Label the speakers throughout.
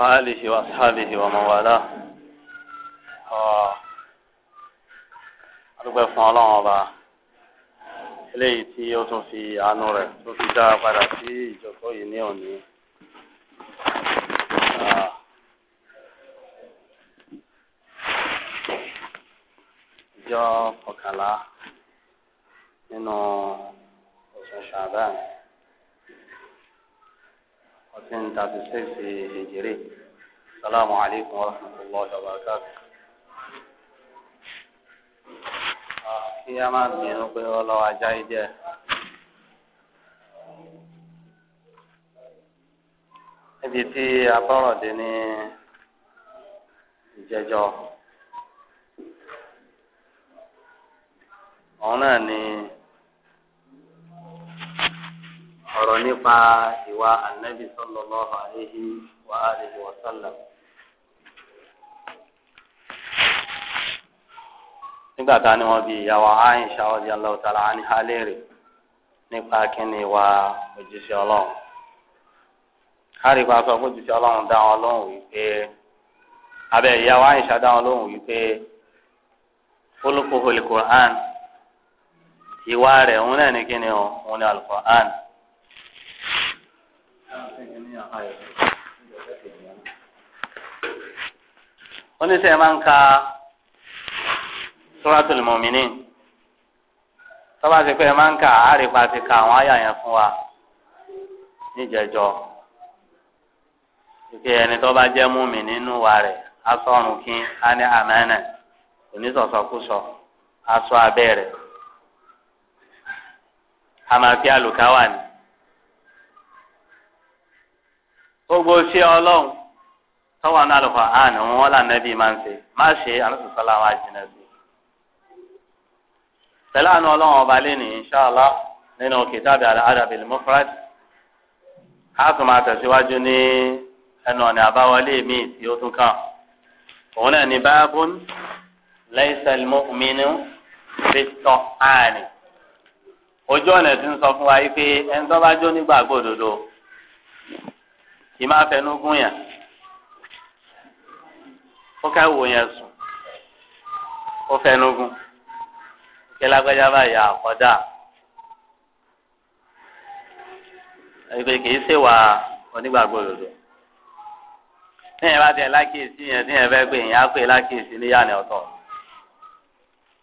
Speaker 1: وآله وأصحابه ومن والاه adúgbò fún ọlọ́run ọba eléyìí tí ó tún fi àánú rẹ̀ tó fi dá padà
Speaker 2: sí ìjókòó yìí ní òní. ìjọ kọkànlá
Speaker 1: nínú oṣù ṣàbáyé fourteen thirty six hijiri salaamu alaykum wa rahmatulahi wa barakatu.
Speaker 2: Ah, kí a máa bínú
Speaker 1: pé ọlọ́wọ́ ajá yìí jẹ́.
Speaker 3: níbi tí a bọ̀rọ̀ dé
Speaker 1: ní ọ̀rọ̀ nípa ìwà ànábì
Speaker 2: sallallahu alaihi wa alihi wa sallam.
Speaker 1: nígbà tá ni wọ́n bi ìyàwó Aisha radiyallahu ta'ala anha léèrè nípa kíni ìwà òjíṣẹ́ Ọlọ́run kárìkà sọ fún òjíṣẹ́ Ọlọ́run dá wọn lóhùn wípé abẹ ìyàwó Aisha dá wọn lóhùn wípé olùkóhólì Qur'an ìwà rẹ̀ òun náà ní kíni òun ní al-Qur'an oníṣẹ́ máa ń ka Suratul Mu'minin tọ́ba ti pẹ́ máa ń ka àárẹ̀pá ti ka àwọn àyà yẹn fún wa níjẹ̀jọ́ ìpè ẹni tọ́ba jẹ́ múmi nínú wa rẹ̀ asọ́run kí á ní àmẹ́nà onísọ̀sọ́kúsọ aṣọ abẹ́ rẹ̀ àmàfi àlùkáwà ni. gbogbo ṣé ọlọ́run tọ́wọ́ náà lọ́kọ̀ àánú wọn là nẹ́bí máa ń ṣe má ṣe ànásùsọ́lá wa jìnà sí. pẹ̀lú àánú ọlọ́run ọba lé ní inṣàlá nínú kìtàbí al-adab al-mufrad a tún máa tẹ̀síwájú ní ẹnu ọ̀nà àbáwọlé míì tí ó tún kàn òun náà ní báábùn laysa al-mu'minu fìtọ́ àánì ojú ọ̀nà tí ń sọ fún wa yìí pé ẹni tó bá jó nígbàgbọ́ òdodo ìmọ̀ afẹnugún yẹn ó ká wò yẹn sùn ó fẹnugún kí lágbájá bá yà àkọ́dà ìpè kìí ṣèwà onígbàgbọ́ òdodo tíyẹn bá tẹ lákìsí yẹn tíyẹn fẹ́ pé yẹn á pè lákìsí níyà ni ọ̀tọ̀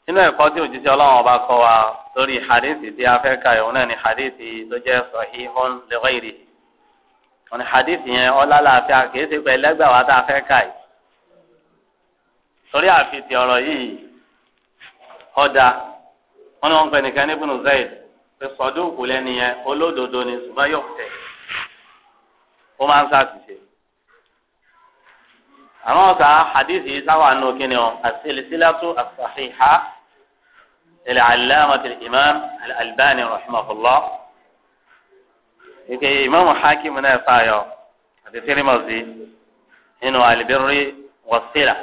Speaker 1: nínú ẹ̀kọ́ tí òjíṣẹ́ ọlọ́run ọba kọ́ wa lórí hadithi tí a fẹ́ ka ìhun náà ni hadithi tó jẹ́ sahihun li ghairihi wọn ni hadith yẹn ọlá làáfíà kìí ṣe pẹ̀lú ẹgbẹ́ wa tá a fẹ́ kà yìí torí àfitì ọ̀rọ̀ yìí ọ̀dà wọn ni wọn pè nìkan ní ibùnú zayd pé sọdúùkù lẹ́nu yẹn olódodo ni ṣùgbọ́n yóò tẹ̀ ó máa ń ṣàṣìṣe àwọn ọ̀sà hadith yìí sáwà nù kí ni ọ as-silsilatu as-sahiha ilẹ̀ alámatul imam al-albani ike imaamu hakim náà fààyọ àti tirimọsi nínú alibiri wasila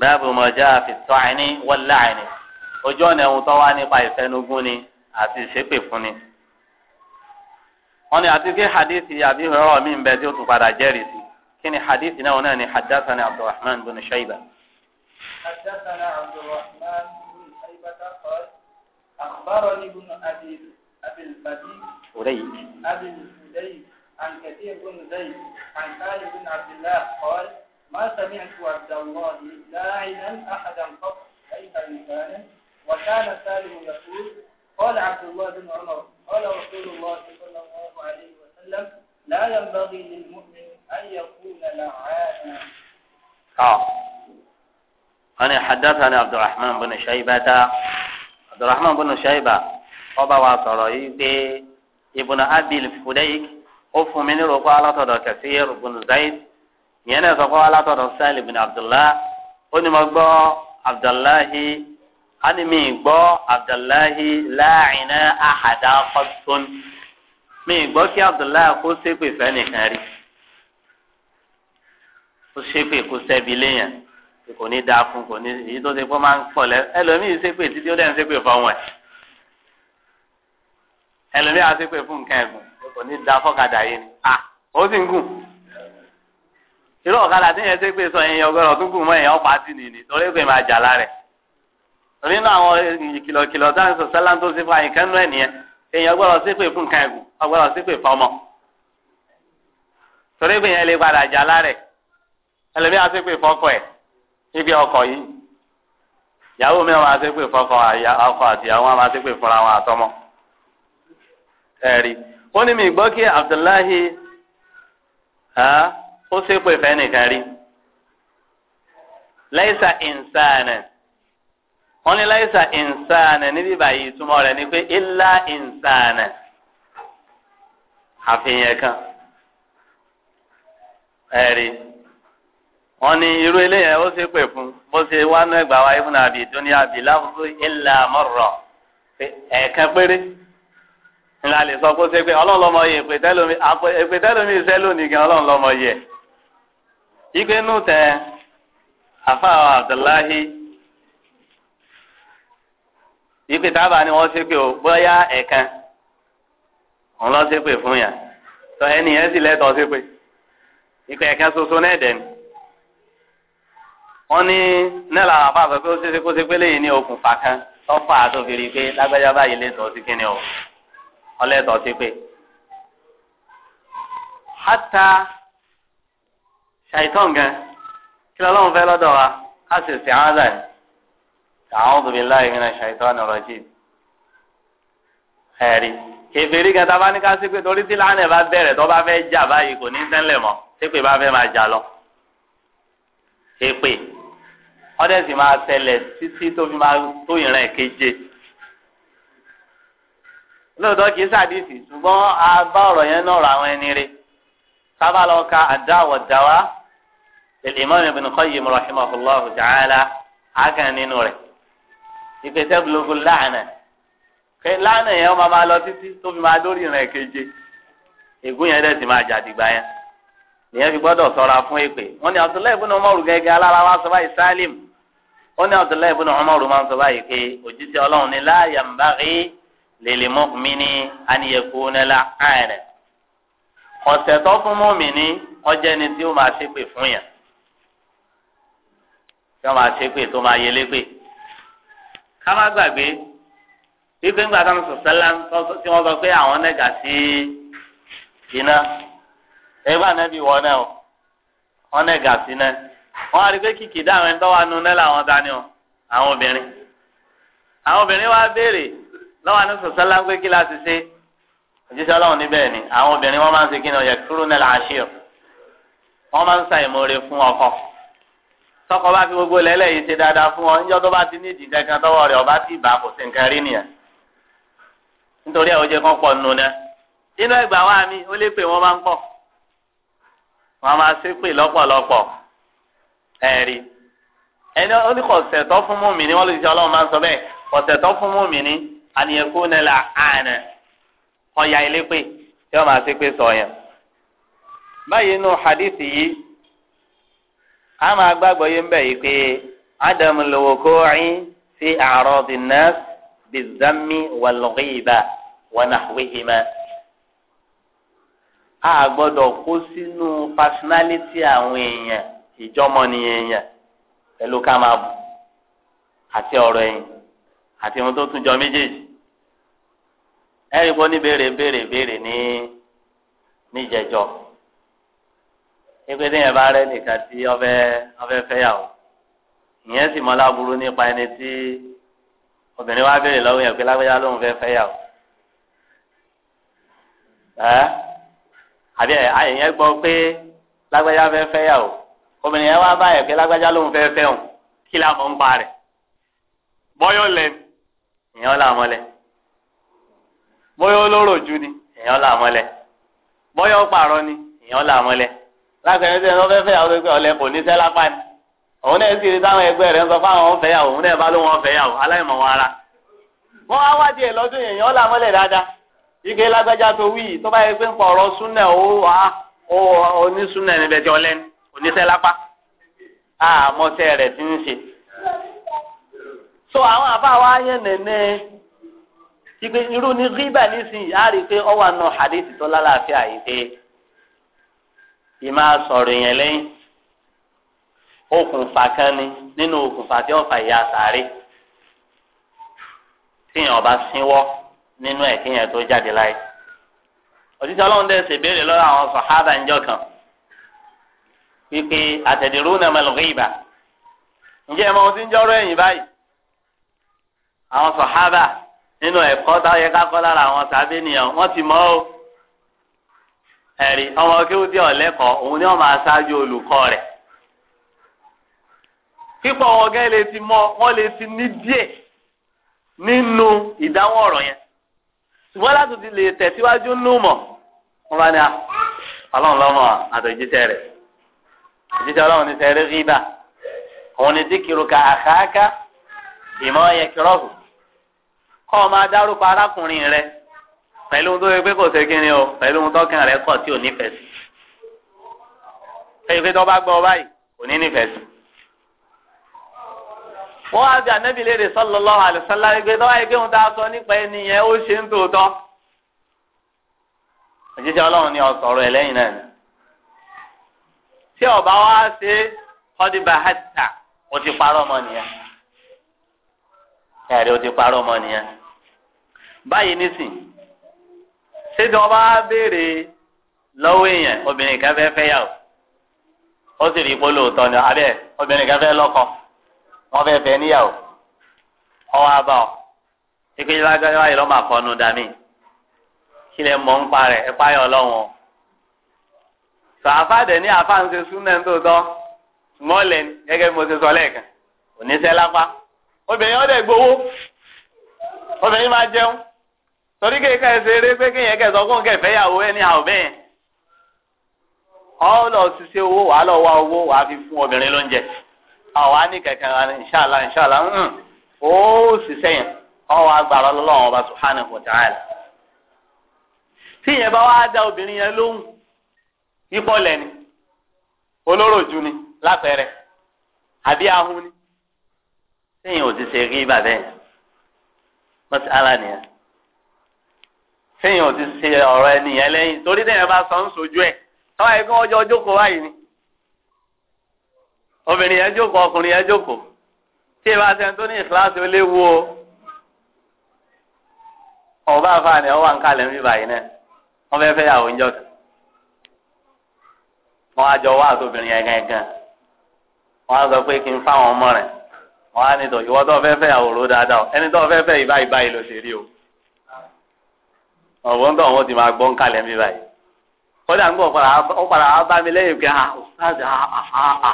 Speaker 1: báàbù mọjá àfitọ́ni wọláàni ojú ọ̀nà ẹ̀hún tó wá nípa ìfẹnugún ni àti ìṣépè fún ni. wọ́n ní àti kí hadithi àbí ìhòòhò mi ń bẹ tí ó tún padà jẹ́rìí sí kí ni hadithi náà náà ni hadathana abdulrahman bin shaiba.
Speaker 2: hadathana abdulrahman bin shaiba kọ́ akhbarani ibn abi abilbadi. ọ̀rẹ́ yìí. زيد عن كثير بن زيد عن سالم بن عبد الله قال ما سمعت عبد الله لاعنا أحدا قط أي إنسان وكان سالم يقول قال عبد الله بن عمر قال رسول الله صلى الله عليه وسلم لا ينبغي للمؤمن أن يكون لعانا
Speaker 1: أنا حدثني عبد الرحمن بن شيبة عبد الرحمن بن شيبة ọba wa ibùnà abil fudayik ó fún mi ní rògbò alátọ̀dọ̀ kẹsíyẹ rògbòn zayid ìyẹn náà sọkọ́ alátọ̀dọ̀ sáàlì ibùnà abdullah ó ní mo gbọ́ abdullahi á ní mi gbọ́ abdullahi láàánà àhàdá kọ́tún mi gbọ́ kí abdullahi kó ṣépè fẹ́nìkan rí kó ṣépè kó sẹ́bi léèyàn kò ní dáa fún kò ní èyí tó ṣe pé máa ń pọ̀ lẹ́ ẹlòmíì ṣépè títí ó dẹ́n ṣépè fáwọn ẹ̀ ẹlòmíì àti pé fún nǹkan ẹ̀gùn kò da fọ́kadà yìí ni à ó sì ń gùn irú ọ̀kadà tí yẹn ṣe pé sọ èèyàn ọgọ́rọ̀ tó gùn mọ́ èèyàn ọ̀pá sí nìyí torí pé máa jà lára nínú àwọn ìkìlọ̀kìlọ̀ táwọn sọ sẹ́lá tó ṣe fún àyíká nínú ẹ̀ nìyẹn èèyàn ọgọ́rọ̀ sí pé fún nǹkan ẹ̀gùn ọgọ́rọ̀ sí pé fọmọ torí pé yẹn lè padà jà lára ẹ̀ àti pé fọ́kọ ẹ̀ ibi ọkọ̀ yìí ìyàwó mi àwọn àti pé fọ́kọ àti àwọn àti pé fúnra wọn àtọmọ ẹ̀rí ó ní mi gbọ́ kí Abdullahi ó ṣépè fẹ́nìkan rí láìsà laisa wọ́n ní láìsà ìnsánà níbí báyìí túmọ̀ rẹ̀ ni pé ilá ìnsánà àfihàn kan ẹ̀rí wọ́n ní irú eléyẹn ó ṣépè fún bó ṣe wánú ẹgbàá wáyé fún láwùjọ ilá mọ̀rọ̀ ẹ̀ẹ̀kan péré. ńlá lè sọ pé ó ṣe pé ọlọ́run lọ́mọ yìí èpètẹ́lómi iṣẹ́ lónìí gan ọlọ́run lọ́mọ yìí ẹ̀. igbe nù tẹ àfàwọn Abdullahi ìpè ni wọ́n ṣe pé bóyá ẹ̀kan òun lọ ṣe pé fún yàn tọ ẹni yẹn sì lẹ́tọ̀ọ́ ṣe pé ìpè ẹ̀kan ṣoṣo náà dẹ̀ ni. wọ́n ní nílà àbá àfẹ́ pé ó ṣe é ṣe kó ṣe pé lẹ́yìn ní okùnfà kan tọ́fà tó fi rí i pé lágbájá báyìí sí kíni ọlẹ́tọ̀ ti pé hátà ṣàìtàn gan kí lọ́lọ́run fẹ́ lọ́dọ̀ wa ká sì sí àádà yìí a'udhu billahi minash shaitanir rajim ẹ̀rí kèfèrí kan tá ní ká sí pé torí tí lánàá bá bẹ̀rẹ̀ tó bá fẹ́ jà báyìí kò ní tẹ́lẹ̀ mọ́ ṣépè bá fẹ́ máa jà lọ ṣépè ọdẹ sì máa tẹlẹ títí tó fi máa tó ìran keje lóòótọ́ kì í sàdísì ṣùgbọ́n a bá ọ̀rọ̀ yẹn náà rọ àwọn ẹni rẹ sábà lọ ka àdáwọ̀ dáwà Imam Ibn Qayyim rahimahullah ta'ala àákàn nínú rẹ̀ ìpèsè gbogbo láàánà kẹ láàánà yẹn máa máa lọ títí tó fi máa dórí ìrìn keje ègún yẹn dẹ̀ sì máa jà dìgbà yẹn nìyẹn fi gbọ́dọ̀ sọ̀ra fún èpè wọn ni Abdullahi ibn Umar gẹ́gẹ́ lilimọ́mìnì aniyẹ̀kúnẹ́lá ààrẹ ọ̀sẹ̀ tó fún mọ́mìnì ọjọ́ ẹni tí ó máa ṣépè fún yẹn tí wọ́n máa ṣépè tó máa yẹlé pè ká má gbàgbé wípé ńgbà tó ń sọ̀sẹ́lá tí wọ́n sọ pé àwọn nẹ́gà sí iná ẹgbẹ́ ànábì wọ́n náà wọ́n nẹ́gà sí iná wọ́n á rí pé kìkì dáhùn ẹni tó wà nù náà làwọn dání o àwọn obìnrin àwọn obìnrin wá béèrè lọ́wọ́ àná sọ̀sọ́ láńpẹ́ kí láti ṣe òjíṣẹ́ ọlọ́run níbẹ̀ ni àwọn obìnrin wọn máa ń ṣe kí ni ọ̀yẹ̀ kúrú ní làásìr wọn máa ń sa ìmoore fún ọkọ tọkọ bá fi gbogbo lẹ́lẹ̀ yìí ṣe dáadáa fún ọ níjọ́ tó bá ti ní ìdìkan kan tọwọ́ rẹ̀ ọba tí ìbá kò sí nǹkan rí nìyẹn nítorí àwọn oúnjẹ kan pọ̀ nù náà nínú ẹgbàá wa mi ó lè pè wọ́n máa ń pọ̀ wọ́n máa ṣe pè lọ́pọ̀lọpọ̀ ẹ̀rí ẹni oníkọ̀ọ̀sẹ̀ fún mùmí ni wọ́n lè ṣe ọlọ́run máa ń sọ bẹ́ẹ̀ ọ̀sẹ̀ fún mùmí ni àníyànkó náà ana àná ọ̀yà ilé pé yóò máa ṣe pé sọ̀yàn. báyìí nù hadith yìí a gbàgbọ́ yé ń bẹ̀ yìí pé ádámù lówó kó sí àárọ̀ the nurse bizami walghiba wanahwihima. a gbọ́dọ̀
Speaker 2: kó sínú
Speaker 1: personality àwọn èèyàn ìjọmọ nìyẹn yẹn pẹ̀lú ká máa bù àti àti ohun tó tún jọ méjèèjì ẹ̀rí kó ní béèrè béèrè béèrè ní níjẹjọ ẹgbẹ́ téèyàn bá rẹ nìkan tí ọbẹ̀ ọbẹ̀ fẹ́yàwó ìyẹn sì mọ́ láburú nípa ẹni tí obìnrin wa béèrè lọ́wọ́ yẹn pé lágbèjá lóun fẹ́ fẹ́yàwó ẹ́ àbí ẹ̀yẹn gbọ́ pé lágbèjá fẹ́ fẹ́yàwó obìnrin yẹn wá báyẹ̀ pé lágbèjá lóun fẹ́ fẹ́ òun kí làmọ́ ń pa rẹ̀ bọ́yọ̀ lẹ́nu èèyàn là bóyá olóró ju ni èèyàn là bóyá ọ̀pàrọ̀ ni èèyàn là mọ́lẹ̀ lápẹ̀rẹ̀ tí fẹ́ fẹ́ pé ọ̀lẹ́ kò ní sẹ́ lápá ni òun náà sì rí táwọn ẹgbẹ́ rẹ̀ ń sọ fáwọn òun òun náà bá ló wọn fẹ́ aláìmọ̀ wọn ara wọ́n á wádìí ẹ̀ lọ́dún èèyàn là dáadáa ike lágbájá tó wí tó bá yẹ pé ń pọ̀ ọ̀rọ̀ súnà ó wà ó onísúnà so àwọn àbá wa yẹn nẹ̀nẹ́ ìpè irú ni ríbà n'isi á rí i pé ọwọ́ àna hadith tó lálàáfíà yìí pé ìmọ̀ sọ̀rọ̀ yẹn lẹ́yìn okùnfà kan ni nínú okùnfà tí ó fa ìyà sáré tíyẹn ọba sínwọ́ nínú ẹ̀ tó jáde láyé òtítọ́ ọlọ́run béèrè lọ́wọ́ àwọn ńjọ́ kan àtẹ̀dẹ̀rú ǹjẹ́ ẹ mọ ohun tí ń ẹ̀yìn àwọn sọ̀hábà nínú ẹ̀kọ́ táyẹ kákọ́ lára àwọn sábẹ́ nìyẹn wọ́n ti mọ̀ ọ́ ẹ̀rí ọmọ kéwúdí ọ̀lẹ́kọ̀ọ́ òun ni wọ́n máa ṣáájú olùkọ́ rẹ̀ pípọ̀ wọn gẹ́ lè ti mọ̀ wọ́n lè ti ní díẹ̀ nínú ìdáhùn ọ̀rọ̀ yẹn ṣùgbọ́n láti ti lè tẹ̀síwájú nù mọ̀ wọ́n bá ní ọlọ́run lọ́mọ àtẹ̀jíṣẹ́ rẹ̀ ìjíṣẹ́ ọlọ́run ní sẹ́rí rí bá òun ni díkìrù ka ìmọ̀ yẹ kírọ́ọ̀fù kọ́ ọ máa dárúkọ arákùnrin rẹ pẹ̀lú ohun tó yẹ pé kò ṣe kíni o pẹ̀lú ohun tọ́kàn rẹ kọ̀ tí ò nífẹ̀ẹ́ sí. ẹ̀yìn pé tó bá gbọ́ ọ báyìí kò ní nífẹ̀ẹ́ sí. wọ́n á bí anábì léèrè sallallahu alaihi wasallam pé tó báyìí pé ohun tá a sọ nípa ẹni yẹn ó ṣe ń tòótọ́. òjíṣẹ́ ọlọ́run ni ọ̀sọ̀rọ̀ ẹ̀ lẹ́yìn náà ni. tí ọba wa ṣe ọdìbà hàtà ó ti parọ́ ọmọ nìyẹn. ẹ̀rí ó ti parọ́ ọmọ nìyẹn báyìí nísìn ṣé tí wọ́n bá béèrè lọ́wọ́ èèyàn obìnrin kan fẹ́ fẹ́ yà ó ó sì rí ipò lóòótọ́ ni abẹ́ obìnrin kan fẹ́ lọ́kọ wọ́n fẹ́ fẹ́ níyàwó ọwọ́ abá ọ ìpínlẹ̀ lágbára yìí lọ́mọ àkọ́nu dàmí kílẹ̀ mọ̀ ń parẹ̀ ẹ̀ páyọ̀ ọlọ́run o sàáfà dẹ̀ ní àfáǹsẹ̀ súnmẹ̀ tó tọ́ mọ́lẹ̀ gẹ́gẹ́ bí mo ti sọ lẹ́ẹ̀kan oníṣẹ́ lápá obìnrin ọ̀dẹ̀ gbowó obìnrin máa jẹun torí kéka ẹsẹ eré pé kéèyàn kẹsàn kó kẹfẹ yàwó ẹni àwọn bẹ́ẹ̀ ọ lọ ṣiṣẹ́ owó wàá lọ wá owó wàá fi fún obìnrin lóúnjẹ àwa ní kẹkẹ wa ní inshallah inshallah ń ó ṣiṣẹ́ yẹn ọ wàá gbàrọ lọ́lọ́run ọba subhanahu wa ta'ala tí yẹn bá wàá da obìnrin yẹn lóhùn yípo lẹni olóròjú ni lápẹẹrẹ àbí ahun ni tí ò ti ṣe rí bàbá yẹn mọ́sálà nìyẹn. kéèyàn ò ti ṣe ọ̀rọ̀ ẹnìyẹn lẹ́yìn torí téèyàn bá sọ ń sojú ẹ tọ́wọ́ ẹ̀ ọjọ́ wọ́n jọ jókòó báyìí ni obìnrin yẹn jókòó ọkùnrin yẹn jókòó tí ìbá ṣe ń tó ní ìkíláàsì ó léwu o ọba àfààní ọwọ́ àǹkálẹ̀ ń báyìí náà wọ́n fẹ́ fẹ́ yàwó ń jọ̀kẹ́ wọ́n á jọ wá àtòbìnrin yẹn gangan wọ́n á sọ pé kí n fáwọn ọmọ rẹ̀ wọ́n á ní tọ̀ ìwọ́ tó fẹ́ fẹ́ yàwó dáadáa ẹni tó fẹ́ fẹ́ ọ̀wọ́n tó àwọn ti máa gbọ́n kalẹ̀ mi báyìí kọ́dà ń gbọ́ ó padà á bá mi lẹ́yìn pé ṣáàṣì àhàhà.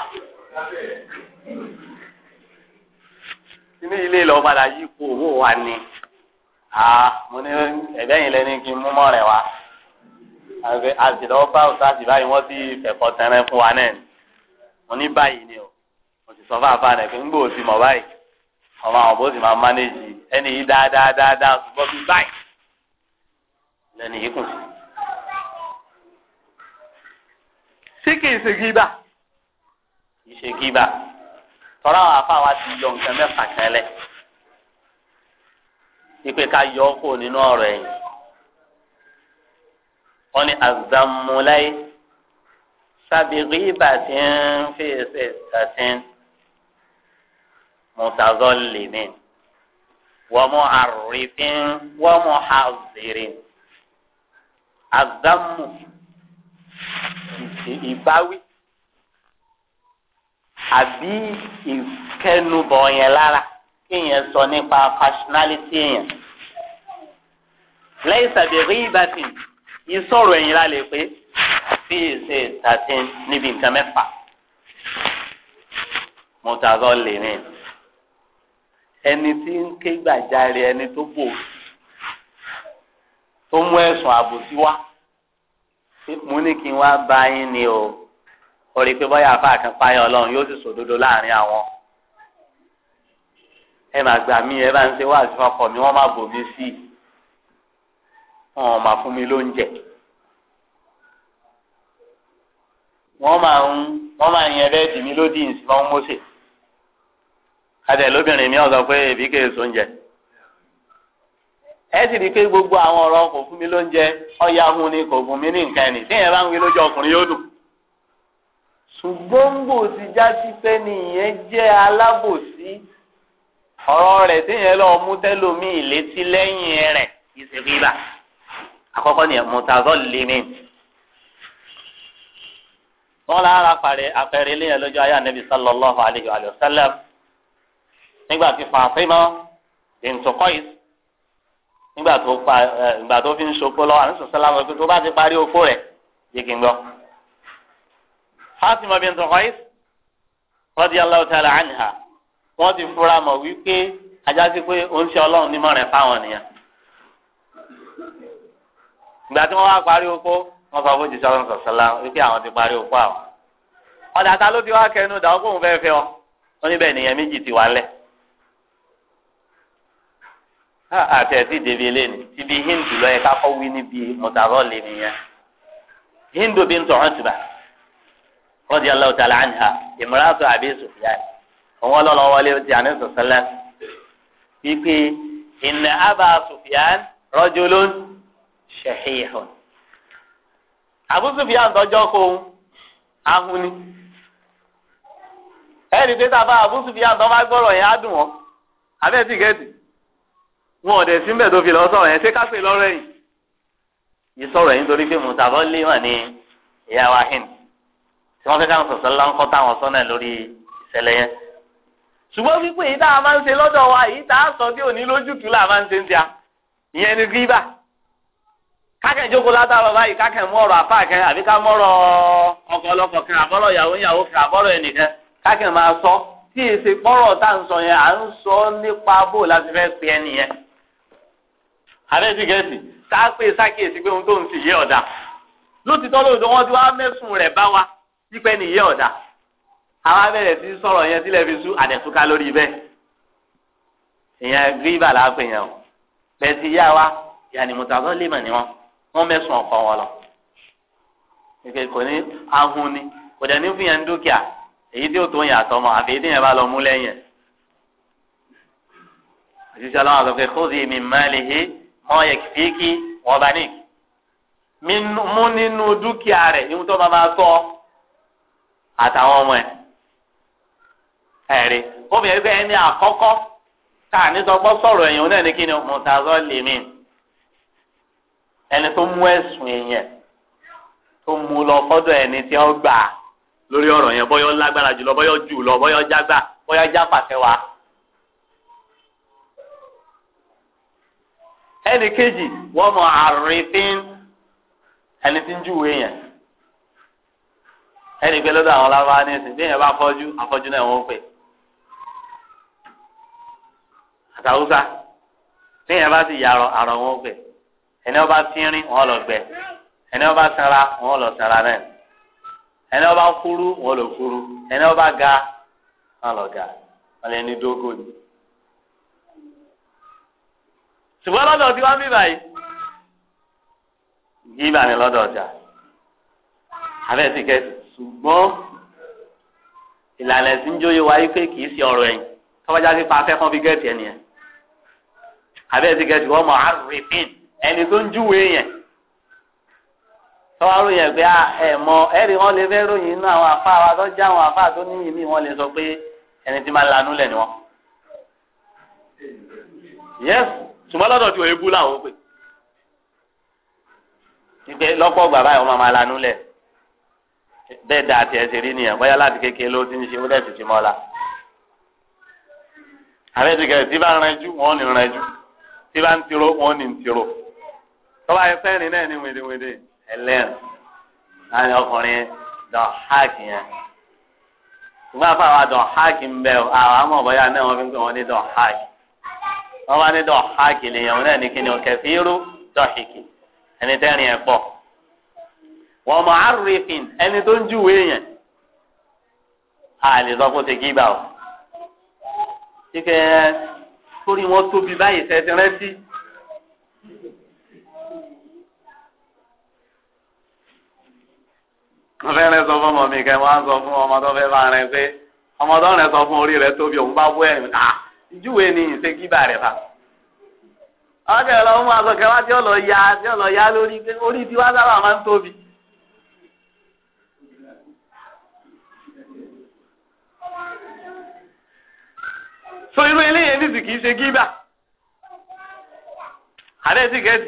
Speaker 1: inú ilé lọ padà yí ipò owó wa ni mo ní yìí lẹ́ni kí n mú wá bá báyìí wọ́n ti fẹ̀kọ́ fún wa náà mo ní báyìí ni o mo sì sọ fáfá rẹ̀ pé mọ̀ báyìí ọmọ àwọn bó máa ẹni yìí dáadáa lẹ́nu yìí kùn sí. sí kìí ṣe gíbà kìí ṣe gíbà tọ́lá àwọn afáwa ti yọ nǹkan mẹ́fà kẹlẹ́ ipe ká yọ kó nínú ọ̀rọ̀ ẹ̀yìn wọ́n ní azamulai sábìrì ìbàdàn fèsì tàtín mùtàzọ́lìmí wọ́n mú àrùrífín wọ́n mú àzìrín azamu ìbáwí àbí ìkẹnubọ̀ yẹn lára kéèyàn sọ nípa fashionality yẹn lẹ́yìn sàbí rí ìbátan ìsọ̀rọ̀ ẹ̀yìn la lè pé sí ìṣe ìtàtí níbi nǹkan mẹ́fà mọ̀tàzọ́ lè rìn ẹni tí ń ké gbàjarè ẹni tó bò ó ó mú ẹ̀sùn àbòsí wá mo ní kí n wá bá yín ni o ó rí i pé bọ́yá àfa kan páyọ̀ ọlọ́run yóò sì sòdodo láàrin àwọn ẹ máa gbà mí ẹ bá ń ṣe wáàsí fún mi wọ́n máa bò mí sí i wọn máa fún mi lóúnjẹ wọ́n máa ń wọ́n máa yan bẹ́ẹ̀dì mi lódì ìsìn fún mọ́sẹ̀ adẹ̀ lóbìnrin mi ọ̀sán pé èbí kèrè sóúnjẹ. e si rí kwe pé gbogbo àwọn ọ̀rọ̀ kò fún mi lóúnjẹ ọ̀yà hun ni kò fún mi ní nǹkan ẹ̀nì tí yẹn bá ń wí lójú ọkùnrin yóò dùn. ṣùgbọ́n gbò ti já sí pé nìyẹn jẹ́ alábòsí ọ̀rọ̀ rẹ̀ tí yẹn lọ́ọ́ mú tẹ́lómìn létí lẹ́yìn rẹ̀ ìṣèlérà àkọ́kọ́ ni mutazọ́ lèmi. wọ́n lára pàrẹ àpẹẹrẹ eléyàn lójú ayé ànábì sallallahu alayhi wa sallam nígbà tí nígbà tó pa ìgbà tó fi ń sopó lọ àníṣe sálámù ẹgbẹ tó bá ti parí okó rẹ yìí gbọ. Fatima bint Qais radiyallahu ta'ala anha wọ́n ti fura mọ̀ wípé ajá sí pé ó ń ṣe ọlọ́run nímọ̀ rẹ̀ fáwọn nìyẹn. ìgbà tí wọ́n wá parí okó wọ́n sọ fún jìṣọ́ ọ̀sán sálámù wípé àwọn ti parí okó àwọn. ọ̀dà ta ló ti wá kẹnu dàgbò òun fẹ́ fẹ́ ọ. ó nìyẹn méjì ti wà àtẹ̀sí ah, ah, dèbí lẹ́nu ibi hindu lọ́yẹ hindu bint Utba radiyallahu ta'ala anha imratu Abi Sufyan òun ọlọ́lọ́ wọlé ti àní sọ̀sẹ́lẹ̀ wípé inna Aba Sufyan rajulun shahihun Abu Sufyan tọ́jọ́ kó ni Abu Sufyan tọ́ bá gbọ́rọ̀ yẹn á wọn ò dẹ̀ sí mbẹ̀ tó fi lọ sọ̀rọ̀ yẹn ṣé ká pè lọ́rọ̀ yìí yìí sọ̀rọ̀ yìí nítorí pé mùsàbọ̀ lé wọn ní ìyá wa hin tí wọ́n fẹ́ ká ń sọ̀sọ́ lọ́nkọ́ táwọn sọ́nà lórí ìṣẹ̀lẹ̀ yẹn ṣùgbọ́n wípé yìí tá a máa ń ṣe lọ́dọ̀ wa yìí tá a sọ bí òní lójútùú là máa ń ṣe ń tia ìyẹn ni gíbà kákẹ́ ìjókòó látàrọ̀ báyìí kákẹ́ mú ọ̀rọ̀ àfáà kan àbí ká mọ́rọ̀ ọkọ̀ ọlọ́kọ̀ kan àbọ̀rọ̀ ìyàwó àrẹ́sì gẹ̀ẹ́sì tá a pè sákèsí pé ohun tó ń sì yé ọ̀dà lótìtọ́ lóòótọ́ wọ́n ti wá mẹ́sùn rẹ̀ bá wa pípẹ́ ní yé ọ̀dà àwa bẹ̀rẹ̀ sí sọ̀rọ̀ yẹn sílẹ̀ fi sú àdẹ̀túká lórí bẹ́ẹ̀ èèyàn gíríbà láàpẹ̀ yẹn o bẹ́ẹ̀ ti yá wa yàní mùtàkọ́ lèmọ̀ ni wọ́n wọ́n mẹ́sùn ọkọ wọn lọ ìfẹ́ kò ní ahun ni kò dẹ̀ ní fún yẹn dúkìá èyí tí ó tó yàn àtọmọ àfi èyí tí yẹn bá lọ mú lẹ́yìn òṣìṣẹ́ ọlọ́run àgbẹ̀fẹ́ kó mọ yẹkìfíkì wọ́n bá ní mú nínú dúkìá rẹ̀ ní tó bá máa sọ àtàwọn ọmọ ẹ̀ ẹ̀rí obìnrin pé ẹni àkọ́kọ́ ká nítọ́gbọ́ sọ̀rọ̀ èèyàn náà ní kí ni mọ̀tàzọ́ lè mí ẹni tó mú ẹ̀sùn èèyàn tó mú lọ fọ́dọ̀ ẹni tí ó gbà lórí ọ̀rọ̀ yẹn bọ́yọ́ lágbára jùlọ bọ́yọ́ jù lọ bọ́yọ́ jágbà bọ́yọ́ jáfàṣẹ wa. ẹnì kejì wọ́n mọ̀ àrífín ẹni tí ń júwe yẹn ẹnì pé lọ́dọ̀ àwọn lábá ní ẹsìn bí yẹn bá fọ́jú afọ́jú náà wọ́n pè àtàwùsá bí yẹn bá sì yàrọ̀ àrọ̀ wọ́n pè ẹni ọba fínrín wọ́n lọ gbẹ ẹni ọba sara, wọ́n lọ sara náà ẹni ọba kúrú lọ kúrú ẹni ọba ga wọ́n lọ ga dógò ṣùgbọ́n lọ́dọ̀ tí wọ́n bí báyìí gíbà ni lọ́dọ̀ ọjà abẹ́ ti kẹ́ ṣùgbọ́n ìlànà ẹ̀sìn ń jóye wáyé pé kì í ṣe ọ̀rọ̀ ẹ̀yìn tọ́wọ́já sí pa afẹ́kọ́ fi gẹ̀ẹ́tì ẹni yẹn abẹ́ ti kẹ́ ṣùgbọ́n mọ̀ àrùfín ẹni tó ń júwe yẹn tọ́wọ́ ròyìn ẹ̀gbẹ́ ẹ̀ ah, mọ ẹ̀rí wọn lè fẹ́ ròyìn inú àwọn afá wa tó já àwọn afá tó níyì mí wọn lè sọ pé ẹni tí máa lanú lẹ̀ ni wọn ṣùgbọ́n lọ́dọ̀ tí òye bú làwọn pè ìgbẹ́ lọ́pọ̀ bàbá yìí wọ́n máa ma lanú lẹ̀ bẹ́ẹ̀ da tiẹ̀ ṣe rí nìyẹn bóyá láti kékeré ló ti ń ṣe ó dẹ̀ sì ti mọ́ la àbẹ́ ti kẹ̀ tí bá ń rẹjú wọ́n ní rẹjú tí bá ń tiro wọ́n ní tiro tọ́ba yẹn fẹ́rin náà ní wédewéde ẹlẹ́rìn láàrin ọkùnrin dàn háàkì yẹn ṣùgbọ́n àfàwọn dàn háàkì ń bẹ àwọn àmọ̀ bóyá náà wọ́n fi ń pè wọ́n ní dàn háàkì wọ́n bá ní dọ̀ háàkì lèèyàn náà ní kíni ọ̀kẹ́ fi rú dọ̀hìkì ẹni tẹ́rin ẹ̀ pọ̀. wọ́n mọ̀ arúfin ẹni tó ń júwe yẹn a lè sọ fún ti gígbà o. kíkẹ́ sórí wọn tóbi báyìí sẹ́sì rántí. wọ́n fẹ́ sọ fún ọmọ mi kẹ́ wọ́n á sọ fún ọmọ tó fẹ́ bá rẹ pé ọmọ tó rẹ sọ fún orí rẹ tóbi òun bá bú ẹ̀rín náà ìjúwe ni ìṣe gíba rẹ̀ fa. ọjọ́ ìlọ mú aṣọ kẹwàá tí ó lọ ya tí ó lọ ya lórí pé orí tiwa sábà máa ń tóbi. so irú eléyìí ní sì kìí ṣe gíba. àbẹ́ sì kẹ́sì.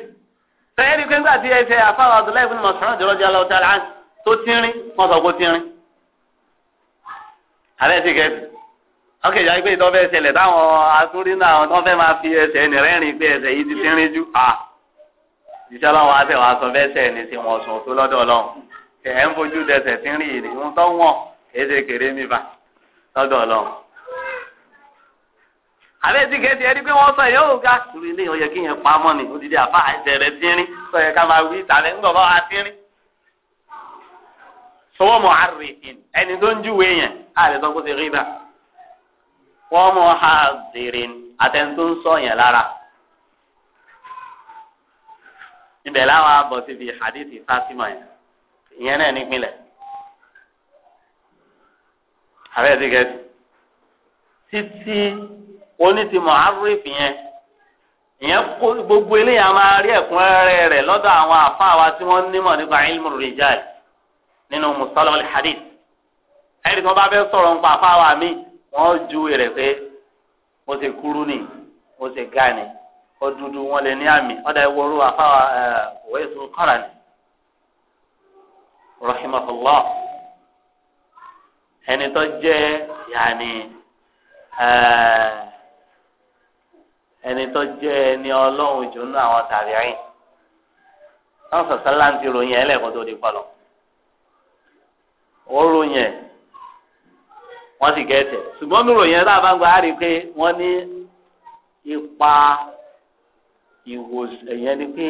Speaker 1: sẹ́yìn ni pé nígbà tí ẹ ṣe àfáwọn ọdún lẹ́gbẹ̀ẹ́ mọ̀sán jọ̀rọ̀ jẹ́ lọ́wọ́ tí tó ti rìn wọ́n sọ pé ó ti rìn. àbẹ́ sì kẹ́sì ọkẹ ìjà pé ìtọ́ ṣẹlẹ̀ táwọn asúrínà àwọn tó fẹ́ máa fi ẹsẹ̀ ẹni rẹ́rìn pé ẹsẹ̀ yìí ti ti jù à ah! ìṣẹ́ ọlọ́run wá sẹ̀ wá sọ fẹ́sẹ̀ ẹni tí wọ́n sùn tó lọ́dọ̀ ọlọ́run kẹ̀ ẹ́ ń fojú dẹsẹ̀ tí ń rìn ìrìn wọ̀n èdè kéré mi bà lọ́dọ̀ ọlọ́run. àbẹ́ ti kẹ́tì ẹni pé wọ́n sọ yẹn ò ga torí ilé ọyẹ kí yẹn pamọ́ ni odidi àfa ẹsẹ̀ rẹ̀ ti sọ yẹ ká máa wí ìtàlẹ́ ńgbọ̀ bá wa ti sọwọ́ mọ̀ àrèfín ẹni tó ń júwèé yẹn àlẹ́ sọ wọ́n mọ̀ ha zèrìn àtẹ̀ntó ń sọ yẹn lára. ibẹ̀ láwọn abọ̀ ti fi hadithi Fatima yẹn ìyẹn náà nípìnlẹ̀. àbẹ̀ ti kẹ́sì títí oní ti muharrif yẹn ìyẹn gbogbo eléyà máa rí ẹ̀kúnrẹ́rẹ́ rẹ̀ lọ́dọ̀ àwọn àfáà wa tí wọ́n nímọ̀ nípa ilmu rijal nínú musalol hadith ẹni tí wọ́n bá fẹ́ sọ̀rọ̀ nípa àfáà míì. wọn júwe rẹ̀ pé mo ṣe kuru ni ó ṣe ga ni ó dúdú wọn lè ní àmì ọ̀dà ìwòrú àfáwà òwe ni rahimahullah ẹni tó jẹ́ yàní eh, ẹni tó jẹ́ ẹni ọlọ́run jù nínú àwọn tàbí ẹ̀yìn wọ́n sọ̀sọ́ láǹtì ròyìn ẹlẹ́kọ̀ọ́ tó di pọ̀ lọ. ròyìn wọ́n sì gẹ̀ẹ́tẹ̀ ṣùgbọ́n nínú yẹn tá a bá ń gba á pé wọ́n ní ipa ìwòsàn ẹ̀yẹn ni pé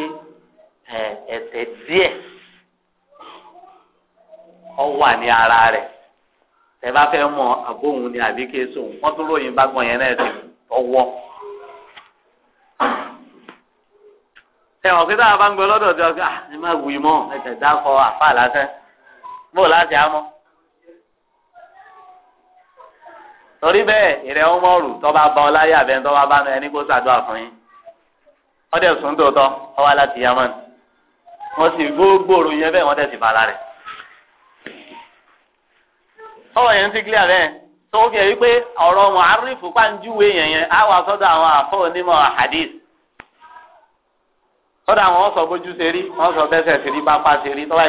Speaker 1: ẹ̀ṣẹ̀ díẹ̀ ọ wà ní ara rẹ̀ ẹ bá fẹ́ mọ àbóhùn ni àbí kéésù wọ́n tún lóyìn bá gbọ́n yẹn náà ti ọwọ́. ẹ̀wọ̀n pé táwọn bá ń gbọ́ lọ́dọ̀ ọ̀dọ́ ọ̀gá ah, ẹ má wù í mọ́ ẹ̀ṣẹ̀ dákọ̀ àfa àlásẹ́ bó láti á mọ́. torí bẹ́ẹ̀ ìrẹ̀ ọmọọ̀rù tọ́ba bá ọ láyé àbẹ́ tọ́ba bá nu ẹni kó ṣàdúrà fún yín wọ́n dẹ̀ sùn tòótọ́ ọ wá láti yamani wọ́n sì gbóògbòòrò yẹn bẹ́ẹ̀ wọ́n dẹ̀ sì bala rẹ̀. ọ̀rọ̀ yẹn ti clear bẹ́ẹ̀ tó ń kẹ́ wípé ọ̀rọ̀ mọ̀árìfù pàǹjúwe yẹn yẹn á wà sọ́dọ̀ àwọn àfọ̀ onímọ̀ hadith sọ́dọ̀ àwọn sọ bójú ṣe rí wọ́n sọ bẹ́sẹ̀ ṣe rí bá pa ṣe rí tọ́wá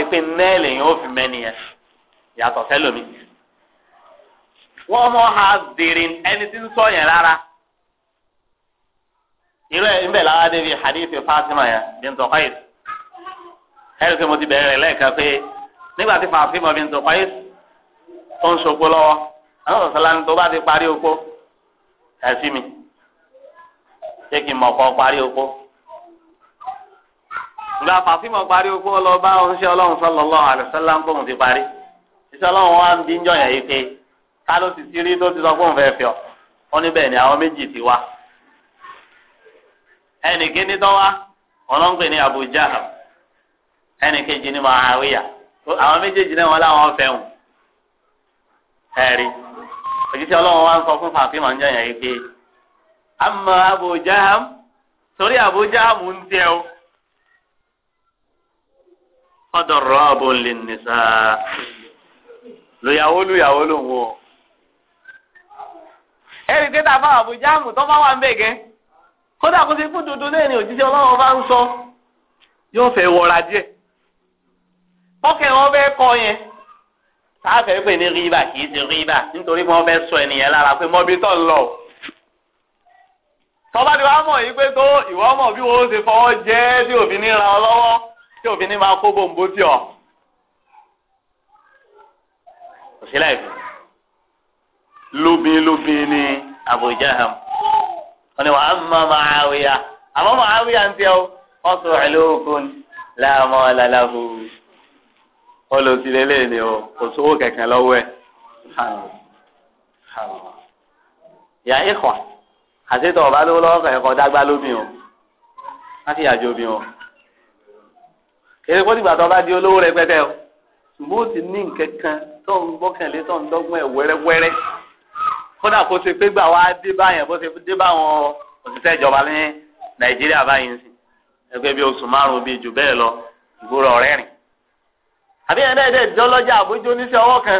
Speaker 1: yìí one more ha dìrín in tí so yẹn rárá. irú ẹ̀ ń bẹ̀ lára débi hadithi Fatima yẹn bintu mo ti bẹ̀rẹ̀ lẹ́ẹ̀kan pé nígbà tí Fatima bintu Qais tó ń ṣoko lọ́wọ́ àwọn sọ̀sọ́lá tó bá ti parí oko ẹ̀ mi ṣé kí n mọ̀ kọ́ parí oko. ìgbà Fatima parí lọ bá oníṣẹ́ ọlọ́run ń kóhun ti parí. ọlọ́run wa ń ta ti ti rí tó ti sọ fún òfin ẹ̀fẹ́ ni àwọn méjì ti wá ẹnì kíní tó wá ọlọ́ngbè ní abuja ẹnì kejì ní Muawiya àwọn méjèèjì náà wọn láwọn fẹ́ wọn ẹ̀rí ọlọ́run ń sọ fún ń jẹ́ pé àmọ́ ń tẹ́ o ọ̀dọ̀ lè ẹ̀rí pé tàbá àbújá mú tó bá wà ń bẹ̀ gẹ́ kódà kó ti kú dodo lẹ́yìn òjíṣẹ́ ọlọ́run bá ń sọ yóò fẹ́ wọra díẹ̀ pọ́kẹ́ wọn fẹ́ kọ yẹn sáfẹ́ pè ní rìbá kì í ti rìbá nítorí wọn fẹ́ sọ ènìyàn lára pé mọ́bí tọ̀ ń lọ tọ́ba ti wá mọ̀ yí pé tó ìwọ mọ̀ bí wọ́n ṣe fọwọ́ jẹ́ tí òfin ní ra ọ lọ́wọ́ tí òfin ní máa kó bòǹbó tì ọ́ òṣèlè ìfẹ́ lóbin lóbin ní Abu Jaham wọn ni wàá mọ Muawiya àmọ́ Muawiya ń tẹ ọ wọn sọ ẹlẹwọkùn láàmú ọlọlàhù olùsílẹ lẹni o kò sówó kẹkẹ lọ́wọ́ ẹ yà ìkọ àti tọ ọba lówó lọ́wọ́ kẹkẹ dágbá lóbin o láti yàjọ obìn o kéré kó dìgbà tó ọba di olówó rẹpẹtẹ o ṣùgbọ́n ó ti ní nǹkan tó ń gbọ́kànlé tó ń dọ́gbọ́n ẹ̀ wẹ́rẹ́wẹ́rẹ́ kódà kó ṣe pé gbà wá dé báyẹn bó ṣe dé báwọn òṣìṣẹ́ ìjọba ní nàìjíríà báyìí ń sìn ẹgbẹ́ bíi oṣù márùn-ún bíi jù bẹ́ẹ̀ lọ ìgboro ọ̀rẹ́ rìn. àbí ẹ̀ dẹ́ẹ̀dẹ́ dọ́lọ́jà àbójú oníṣẹ́ ọwọ́ kan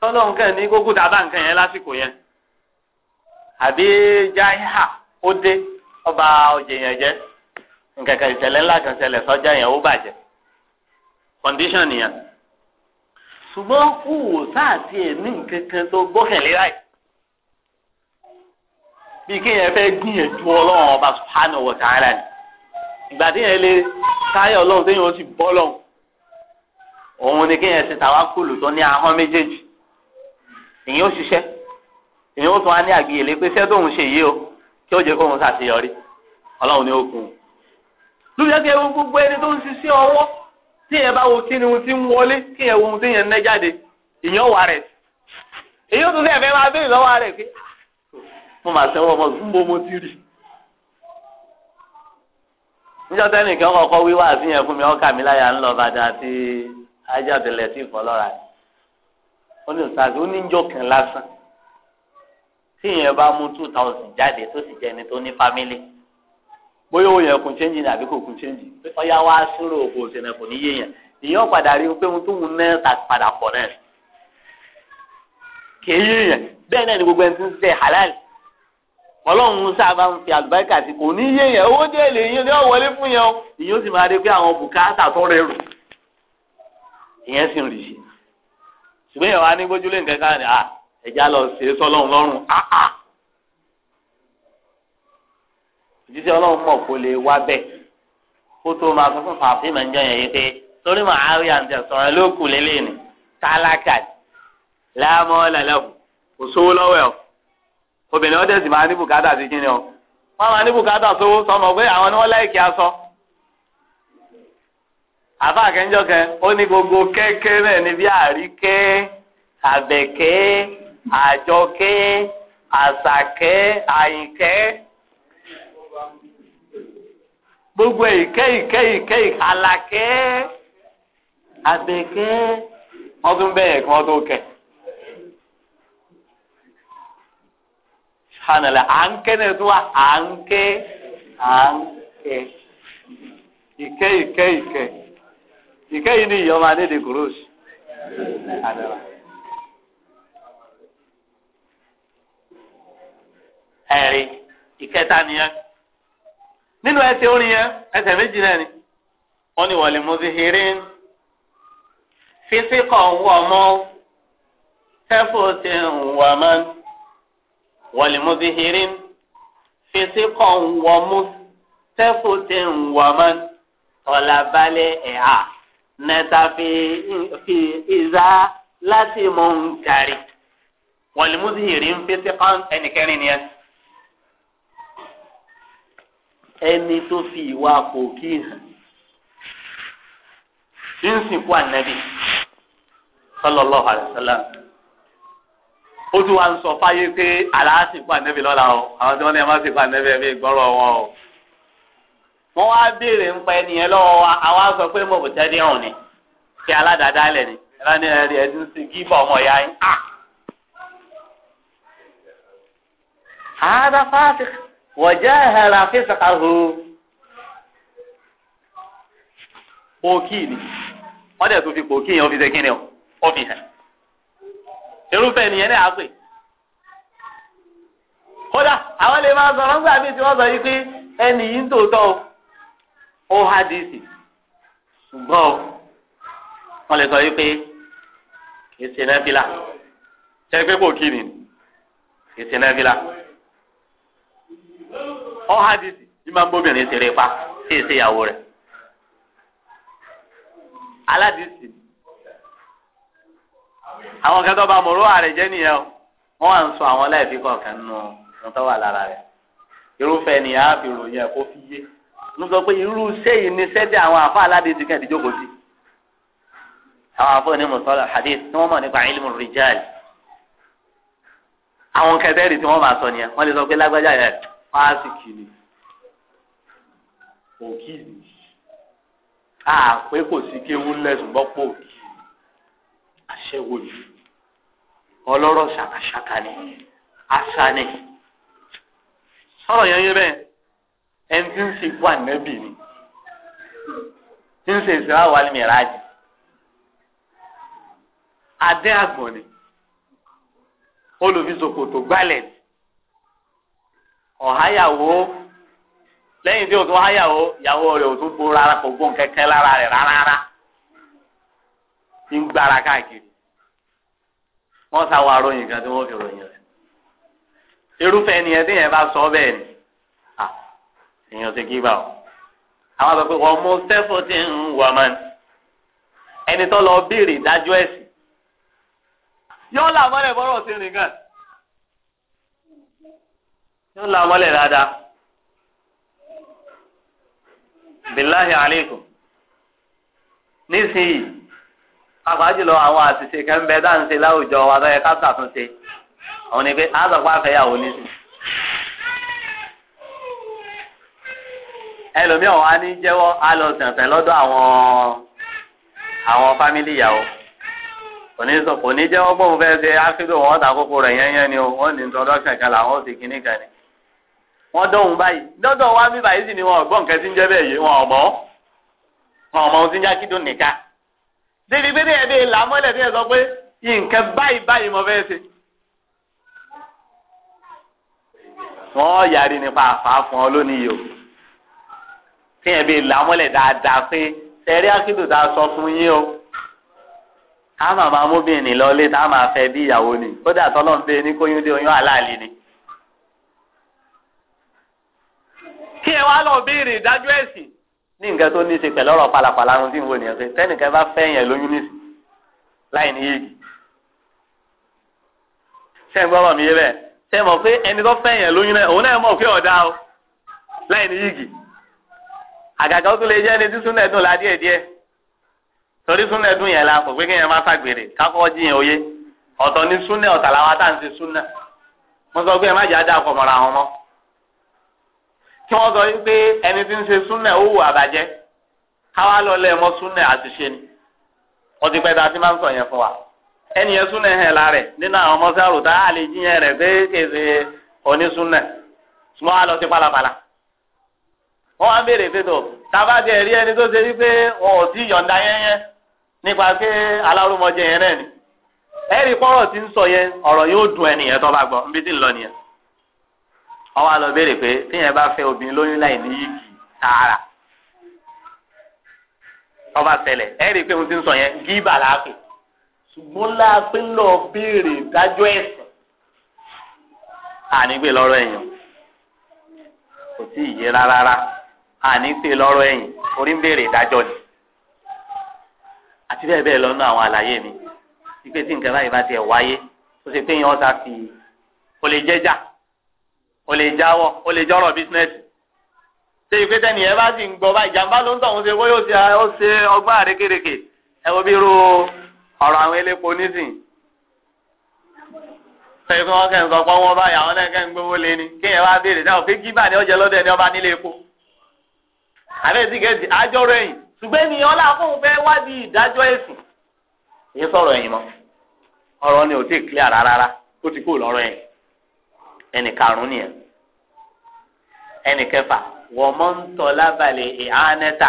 Speaker 1: tọ́lọ́hún kàn ní gógó dábàá nǹkan yẹn lásìkò yẹn. àbí jáíhà ó dé ọba ọjà èèyàn jẹ́ nǹkan kan ìṣẹ̀lẹ̀ ńlá kan ṣẹlẹ̀ sọ́jà yẹn ó bàjẹ́ condition nìyẹn.
Speaker 2: ṣùgbọ́n kù
Speaker 1: sáà tiẹ̀ ní nǹkan kan tó gbókèlé láì bíi kéèyàn fẹ́ gbìyànjú ọlọ́run ọba subhanahu wa ta'ala ni ìgbà téèyàn lè káyọ̀ ọlọ́run téèyàn ó sì bọ́ lọ́hùn òun ni kéèyàn ṣe tàwákùlù tó ní ahọ́n méjèèjì èyí ó ṣiṣẹ́ èyí ó tún á ní àgbìyèlé pé iṣẹ́ tóun ṣe yìí o kí ó jẹ́ kóun ṣàṣeyọrí ọlọ́run ni ó kún un. lórí ewu gbogbo ẹni tó ń ṣiṣẹ́ ọwọ́ tí èèyàn bá wo kí ni ohun tí ń wọlé kí èèyàn wo ohun tí èèyàn ń ná jáde èèyàn wà rẹ̀ èyí ó tún fẹ́ẹ́ fẹ́ máa béèrè lọ́wọ́ rẹ̀ pé mo máa sẹ́wọ́ ọmọ
Speaker 2: gbogbo mo ti rí.
Speaker 1: níjọ́ tẹ́nìkan kọ́kọ́ wíwá àfihàn fún mi ọkà mi láyà ńlọ bàdà àti ajá sí ìfọlọ́ra rẹ̀. ó ní ìsàkó níjọ́ kan lásán tí ìyẹn bá mú two thousand jáde tó sì jẹ́ ẹni tó ní fámílì bóyá òun yẹn kún chẹ́ńjì ni àbí kò kún chẹ́ńjì ọ̀yá wa sóró òbò òsèlè kò ní yé yẹn ìyẹn padà rí pé ohun tó ń ná ta padà pọ̀ náà kì yẹn bẹ́ẹ̀ náà ni gbogbo ẹni tó ń ṣe halal ọlọ́run sábà ń fi àlùbáríkà sí kò ní yé yẹn owó díẹ̀ lè yín ní ọ̀wọ́lé fún yẹn o ìyẹn sì máa rí pé àwọn bùkátà tó rẹ̀ ìyẹn sì ń rí i ṣùgbọ́n ìyẹn wà ní gbójúlé nǹkan kan ní à ah, lọ sí é sọlọ́run lọ́rùn áá ah, ah. òjíṣẹ́ ọlọ́run mọ̀ kó lè wá bẹ́ẹ̀ kó tó máa fún fàáfin máa ń jọ yẹn yìí pé torí mà á rí àǹtẹ̀ sọ̀rọ̀ lókù lélẹ́yìn tálákà láàmú ọ̀làlẹ́kù kò sówó lọ́wọ́ ẹ̀ obìnrin ọdẹ sì máa ní bùkátà sí kíni o wọn máa ní bùkátà sówó sọmọ pé àwọn ni wọn láìkí aṣọ àfa àkẹjọ ó ní gbogbo ní bí gbogbo ìké wọn tún subhanallah à ń ké náà tó wà à ń ké à ń ké ìké ìké ìké ìké yìí ni ìyọ́mọ adéde gòròsì ẹ̀rí ìkẹta nìyẹn nínú ẹsẹ̀ orin yẹn ẹsẹ̀ méjì náà ni wọ́n ní wọlé mọ́síhìrín fífíkọ̀ ń wọ̀ ti ń wọ̀ wọlìmùsíhìrín fèsì kan wọ mú sẹ́fù tẹ̀ ń wọ mọ́ ọ̀làbalẹ̀ ẹ̀hà nẹ́ta fi ìzá láti mọ̀ ń kárí wọlìmùsíhìrín fèsì kan ẹnìkẹrin ni ẹ ẹni tó fi ìwà pòkì hàn ń sìnkú ànábì sallallahu alaihi wasallam ó tún wá ń sọ fáyé pé aláàsìkò ànẹ́bí lọ́la o àwọn tí wọ́n ní ẹ má sìkò ànẹ́bí ẹ̀mí gbọ́rọ̀ wọn o. wọ́n wá béèrè ń ẹnìyẹn lọ́wọ́ wa àwa sọ pé mo ọ̀hún ni kí aládàáda lẹ̀ ni ẹ̀rọ ni ẹ̀rí ẹ̀dín sí gíbọ̀ ọmọ ìyá yín. Ah! àádá fáàtì wọ̀jẹ́ ẹ̀rọ àfẹ́sàkàhó pòkì ni wọ́n dẹ̀ tó fi pòkì yẹn ó irúfẹ́ ènìyàn náà á pè kódà àwọn lè máa sọ̀rọ̀ nígbà bíi tí wọ́n sọ yìí pé ẹnì yìí ń tòótọ́ o ó hadisi ṣùgbọ́n o wọ́n lè sọ yìí pé kì í ṣe nẹ́fìlà ṣe pé kò kí ni kì í ṣe nẹ́fìlà ó hadisi bí máa ń bóbìnrin ṣeré pa kì í ìyàwó rẹ̀ aládìsí
Speaker 2: àwọn kẹtọ́ bá mọ̀rọ́
Speaker 1: àrẹ jẹ́ nìyẹn o wọ́n wà ń sọ àwọn láìfi kọ̀ọ̀kan nù wọn tó lára rẹ̀ irúfẹ́ ni a fi ròyìn ẹ̀kọ́ fi yé ń sọ pé irú sẹ́yìn ni sẹ́dẹ̀ àwọn àfa aládé ti kẹ́ẹ̀dì jókòó sí àwọn afọ ní mùsọ́lá hadith tí wọ́n mọ̀ nípa ilmu rijal àwọn kẹtẹ́rì tí wọ́n máa sọ nìyẹn wọ́n lè sọ pé lágbájá yẹn fásitì ni òkì ni àpé kò sí kéwú lẹ́sùn bọ́ òkì. aṣẹ́wó ni ọlọ́rọ̀ ṣàkàṣàkà ni àṣà ni sọ̀rọ̀ yẹn yẹn bẹ́ẹ̀ ẹni tí ń ṣe ikú ànẹ́bì ni tí ń ṣe ìṣẹ́wá wà ní mìíràjì adé àgbọ̀n ni olùfisòkòtò gbálẹ̀ ni ọ̀háyàwó lẹ́yìn tí o tún háyàwó ìyàwó wọ́n sáwọn aróyìn kan tí wọ́n fi ròyìn rẹ̀ irúfẹ́ ẹni ẹ téèyàn bá sọ bẹ́ẹ̀ ni èèyàn ti kí bá o àwọn àgbẹ̀ pé wọ́n mú sẹ́fọ̀ tí ń wà máa ní ẹni tó lọ béèrè ìdájọ́ ẹ̀sìn yóò là mọ́lẹ̀ bọ́rọ̀ sí nìkan yóò là mọ́lẹ̀ dáadáa bilahi aleikum nísìnyí pàápàá jùlọ àwọn àṣìṣe kan bẹ dáhùn ṣe láwùjọ wa lọ́yẹ ká ṣàtúnṣe òun ni pé àzọ̀pá àfẹ́yàwó ní sí. ẹlòmíràn wa ní jẹ́wọ́ á lọ sẹ̀nsẹ̀ lọ́dọ̀ àwọn àwọn fámìlì ìyàwó òní sọ kò ní jẹ́wọ́ gbóhùn fẹ́ ṣe áfíríkà wọn ọ̀tà kókó rẹ̀ yẹ́nyẹ́ ni o wọ́n ní introduction kan làwọn ò sì kíní kan ni. wọ́n dọ̀hùn báyìí lọ́dọ̀ wa bíbáyìí sì ni wọn ò gbọ́ nǹkan tí ń jẹ́ bẹ́ẹ̀ yé wọn ò mọ̀ wọn ò mọ̀ ohun tí ń já kí dùn nìkan débi gbé bẹ́ẹ̀ bẹ́ẹ̀ là mọ́lẹ̀ bẹ́ẹ̀ sọ pé nǹkan báyìí báyìí mo fẹ́ ṣe. wọ́n yàrí nípa àfàá fún ọ lónìí yìí o tí yẹn bẹ́ẹ̀ là mọ́lẹ̀ dáadáa pé sẹ́rí àkìtù tá a sọ fún yín o tá a máa máa móbìnrin lọlé tá a máa fẹ́ bí ìyàwó ni kódà tọ́lọ́ ń bẹ ní kóyún dé oyún àlàálì ni. kí ẹ wá lọ béèrè ìdájọ́ ẹ̀sìn ní nǹkan tó ní í ṣe pẹ̀lú ọ̀rọ̀ palapàla ohun tí ń wo nìyẹn pé tẹ́nìkan bá fẹ́ yẹn lóyún nísì láì ní yéegi ṣé ń gbọ́dọ̀ mi yé bẹ́ẹ̀ ṣé mọ̀ pé ẹni tó fẹ́ yẹn lóyún náà òun náà mọ̀ pé ọ̀dà o láì ní yéegi àgàgà ó tún lè jẹ́ ẹni tí súnà ẹ̀dùn la díẹ̀ díẹ̀ torí súnà ẹ̀dùn yẹn la kò pé kí yẹn má ṣàgbèrè kákọ́ jí yẹn oyé ọ̀tọ̀ kí wọ́n sọ wípé ẹni tí ń ṣe súnà ó wù ha káwá lọ lẹ́ẹ̀mọ́ súnà àṣìṣe ni wọ́n ti ta ti máa sọ yẹn fún wa ẹni yẹn la rẹ̀ nínú àwọn ọmọ sáàrù tá lè rẹ̀ pé kèsè wa lọ sí béèrè pé tó rí ẹni tó ṣe wípé wọn ò tí yọ̀ǹda nípa pé yẹn náà ni ẹ̀rí pọ́rọ̀ ti ń sọ yẹn ọ̀rọ̀ yóò dùn ẹnìyẹn tó bá ọwọ́ àlọ́ béèrè pé tíyẹn bá fẹ́ obìnrin lóyún láì ní yìgì tààrà ọba ṣẹlẹ̀ ẹ rí i pé mo ti ń sọ yẹn gíbà láàpẹ̀ ṣùgbọ́n láàpẹ̀ lọ béèrè ìdájọ́ ẹ̀sìn ànígbè lọ́rọ̀ ẹ̀yàn kò sí ìyẹ rárá ànígbè lọ́rọ̀ ẹ̀yìn orí ń béèrè ìdájọ́ ni àti bẹ́ẹ̀ bẹ́ẹ̀ lọ́nà àwọn àlàyé mi ìpè tí nǹkan báyìí bá tiẹ̀ wáyé ó ṣe pé yẹn ọ̀sà fi kò lè jẹ́jà. o lè jáwọ́ o lè jọrọ bísínẹsì ṣé ìpè tẹni ẹ bá sì ń gbọ́ báyìí ìjàmbá ló ń tọ̀ ń ṣe bóyá ó ṣe ọgbọ́n àrékèrèké ẹ wo bí irú ọ̀rọ̀ àwọn elépo nísìnyí pẹ̀lú kí wọ́n kẹ́ ń sọ pé náà kẹ́ ń lé ní béèrè gíbà ni ọjọ́ ọba nílé epo. àbẹ́ ẹ̀yìn ni ọlá fẹ́ wádìí ìdájọ́ ẹ̀sìn. èyí sọ̀rọ̀ ẹ̀yìn mọ́ ọ̀rọ̀ ni ò tí ì clear rárá ó ti lọ́rọ̀ ẹ̀yìn. ẹnì karùn-ún nìyẹn ẹnì kẹfà wọ́n mọ́ ń tọ́ lábàlẹ̀ ìhánẹ́ta